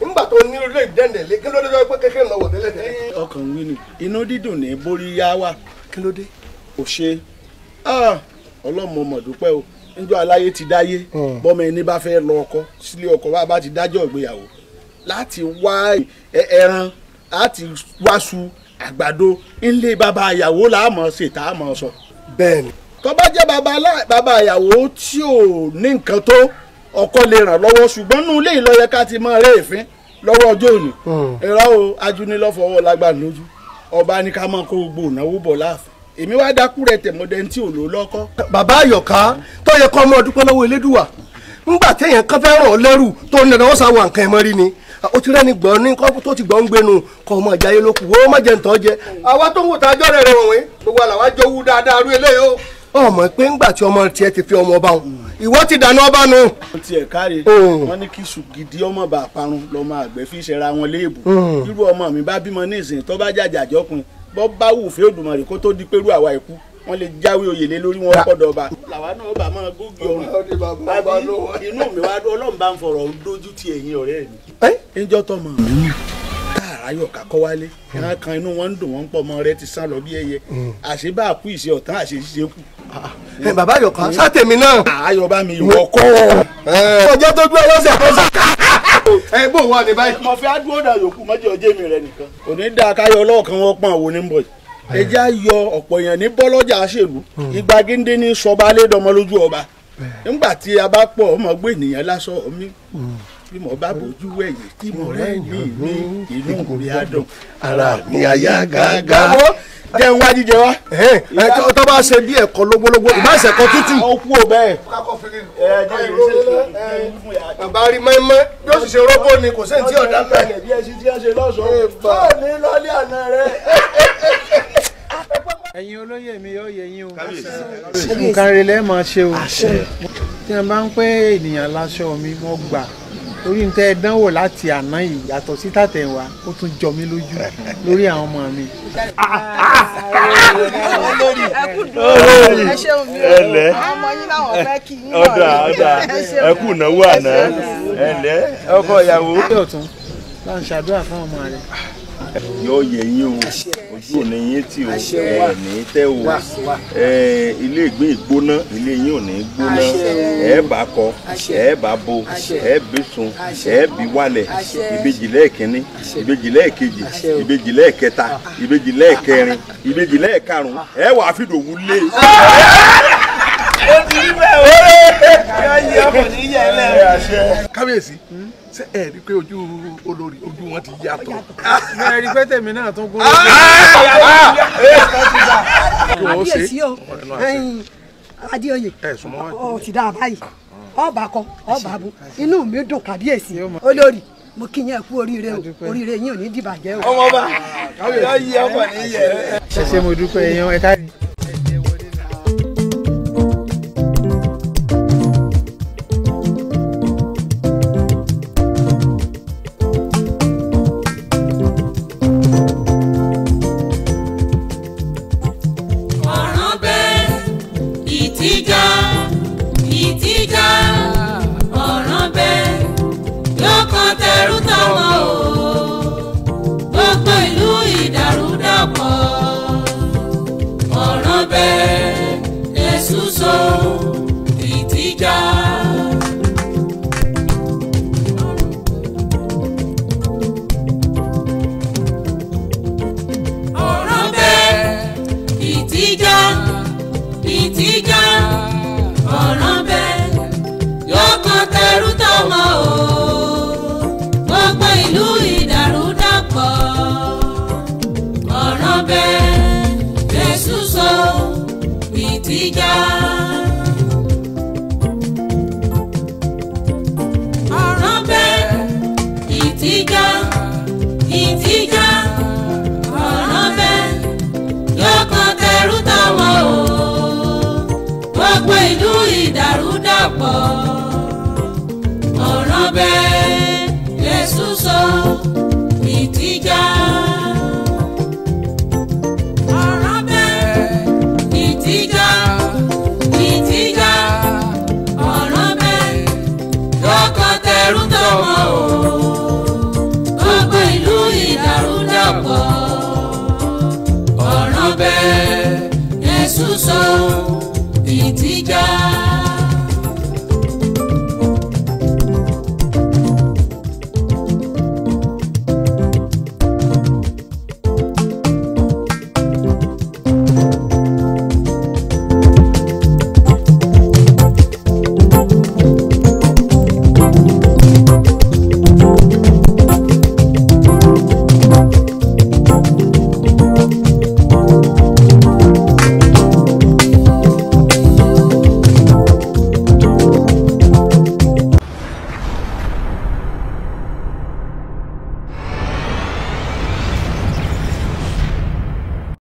nígbà tó ní ilé ìdẹ́ndẹ̀ lé kí ló dé tó pé kékeré náà wọ̀ tẹ́lẹ̀ tẹ́lẹ̀. ọkàn wí ni inú dídùn ní borí yá wa. kí ló dé. ò ṣe ah, ọlọ́mọ mọ̀ dúpẹ́ o níjọ́ aláyé ti dáyé hmm. bọ́mọ ẹni bá fẹ́ lọ ọkọ sílé ọkọ bá bá ti dájọ́ ìgbéyàwó láti wá ẹran láti wáṣu àgbàdo ile baba àyàwó la á ṣe tá a mọ̀ sọ. bẹ́ẹ̀ni. tó bá jẹ́ bàbá àyàwó tí ò ní nǹkan tó ọkọ lè ràn lọ́wọ́ ká ti mọ re ìfín lọwọ ọjọ́ òní. Hmm. irọ́ o ajúnilọ́fọwọ́ lágbàá lójú ọba ní ká máa kó gbogbo ìnáwó bọ̀ láàfin èmi wá dákú rẹ tẹ̀mọ́dé tí ò lò lọ́kọ́. bàbá àyọ̀ká tó yẹ kọ́ ọmọ ọdún pẹ́ lọ́wọ́ ńgbà kan fẹ́ràn ni o ti rẹ́ni gbọ́n ní kọ́ tó ti gbọ́n gbénu kọ́ ọmọ ìjà yẹn ló kù ó má jẹ ntọ́ jẹ. àwa tó ń wò tájọ́ rẹ̀ rẹ̀ wọ̀nyí gbogbo àlàwà jọ wú dáadáa rú eléyìí ọmọ pé ńgbà tí ọmọ tiẹ̀ ti fi ọmọ ọba wọn ìwọ ti dànù ọba nu. wọ́n ti ẹ̀ káre wọ́n ní kí sùgìdì ọmọ bá parun lọ́mọ àgbẹ̀ fi ṣẹra wọn léèbù irú ọmọ mi bá bímọ ní ìsìn tó bá jàjà jọkùn bọ́ bá wù fẹ́ Òdùmarè kó tó di pẹ̀lú àwa ikú wọ́n lè jáwé oyè lé lórí wọn gbọ́dọ̀ ọba. làwa náà bá máa gógì ọrùn àbí inú mi wá ọlọ́run bá ń fọ̀rọ̀ dojú ti ẹ̀yìn ọ̀rẹ́ mi ẹnjọ́ tọmọ mi ní ayọ̀ kakọ́ wálé ẹran kan inú wọn ń dùn wọn ń pọ̀ ọmọ rẹ ti sán lọ bí ẹyẹ hmm. àṣebá kú ìṣe ọ̀tán àṣeṣe kù. ẹ bàbá ayọ̀ kan sátẹ̀mí náà. ayọ̀ bá mi ìwọ kọ́. ọjọ́ tó dúró lọ́sẹ̀ tó sọ. ẹ bò wà ní báyìí. mo fi adúró dà yòókù mọ́jì ọjọ́ mi rẹ nìkan. kò ní dáa káyọ ọlọ́ọ̀kan wọ́n pọ̀ àwọn onímbọ̀ yìí ẹ já yọ ọ̀pọ̀ èèyàn ní bọ́lọ́jà àṣèlú ìgbà hmm. géńdé ní sọba lé dọmọ ọba nígbà tí a bá pọ̀ ọmọ gbé ènìyàn lásán omi tí mo bá bójú wẹ̀yìn tí mo rẹ́yìn mi inú mi á ara mi á yá gágá ń wájú jẹ wá. ẹ ẹ tó bá ṣe bí ẹ̀kọ lógbólógbó ìbá ṣẹkọ tútù. ó kú o bẹ́ẹ̀. bàbá rí mẹ́mẹ́ bí ó sì ṣe rọ́bọ̀ ni kò sẹ́ni tí ọ̀dà ń bẹ̀. bí lọ́lẹ́ àná rẹ. ẹ̀yin olóyè mi yóò yẹ yín o nǹkan rẹ̀ lẹ́ẹ̀ máa ṣe o tí wọ́n bá ń pẹ́ ènìyàn láṣọ mi mo gbà torí n tẹ ẹ dánwò láti àná yìí yàtọ̀ sí tàtẹ̀wá ó tún jọ mí lójú lórí àwọn ọmọ mi. olórí olórí ẹlẹ ọdà ọdà ẹkú náwó àná ẹlẹ ọkọ ìyàwó. ọ̀tún bá ń ṣàdúrà fún ọmọ rẹ̀ yóò yẹ yín o ojú ò ní yín tì o ẹ ní tẹ o ẹ ilé ìgbín ìgbóná ilé yín ò ní gbóná ẹ bá kọ ẹ bá bo ẹ bí sun ẹ bí wálẹ̀ ìbejì lẹ́ẹ̀kínní ìbejì lẹ́ẹ̀kejì ìbejì lẹ́ẹ̀kẹta ìbejì lẹ́ẹ̀kẹrin ìbejì lẹ́ẹ̀karùn ẹ wà á fìdò wú lé. kábíyèsí. Hmm? ṣé ẹ rí i pé ojú olórí ojú wọn ti yàtọ̀. ẹ rí i pé tèmi náà tún gún ah! un. adéoyè ọ ti dáa báyìí ah. ọba kọ ọba bu inú mi dùn kàbíyèsí olórí mo kí yẹn kú oríire o oríire yín ò ní dìbàjẹ́ o. ọmọ bá yọ yí ọkọ ní yẹ. ẹ ṣe mo dúpẹ́ yẹn ẹ ká.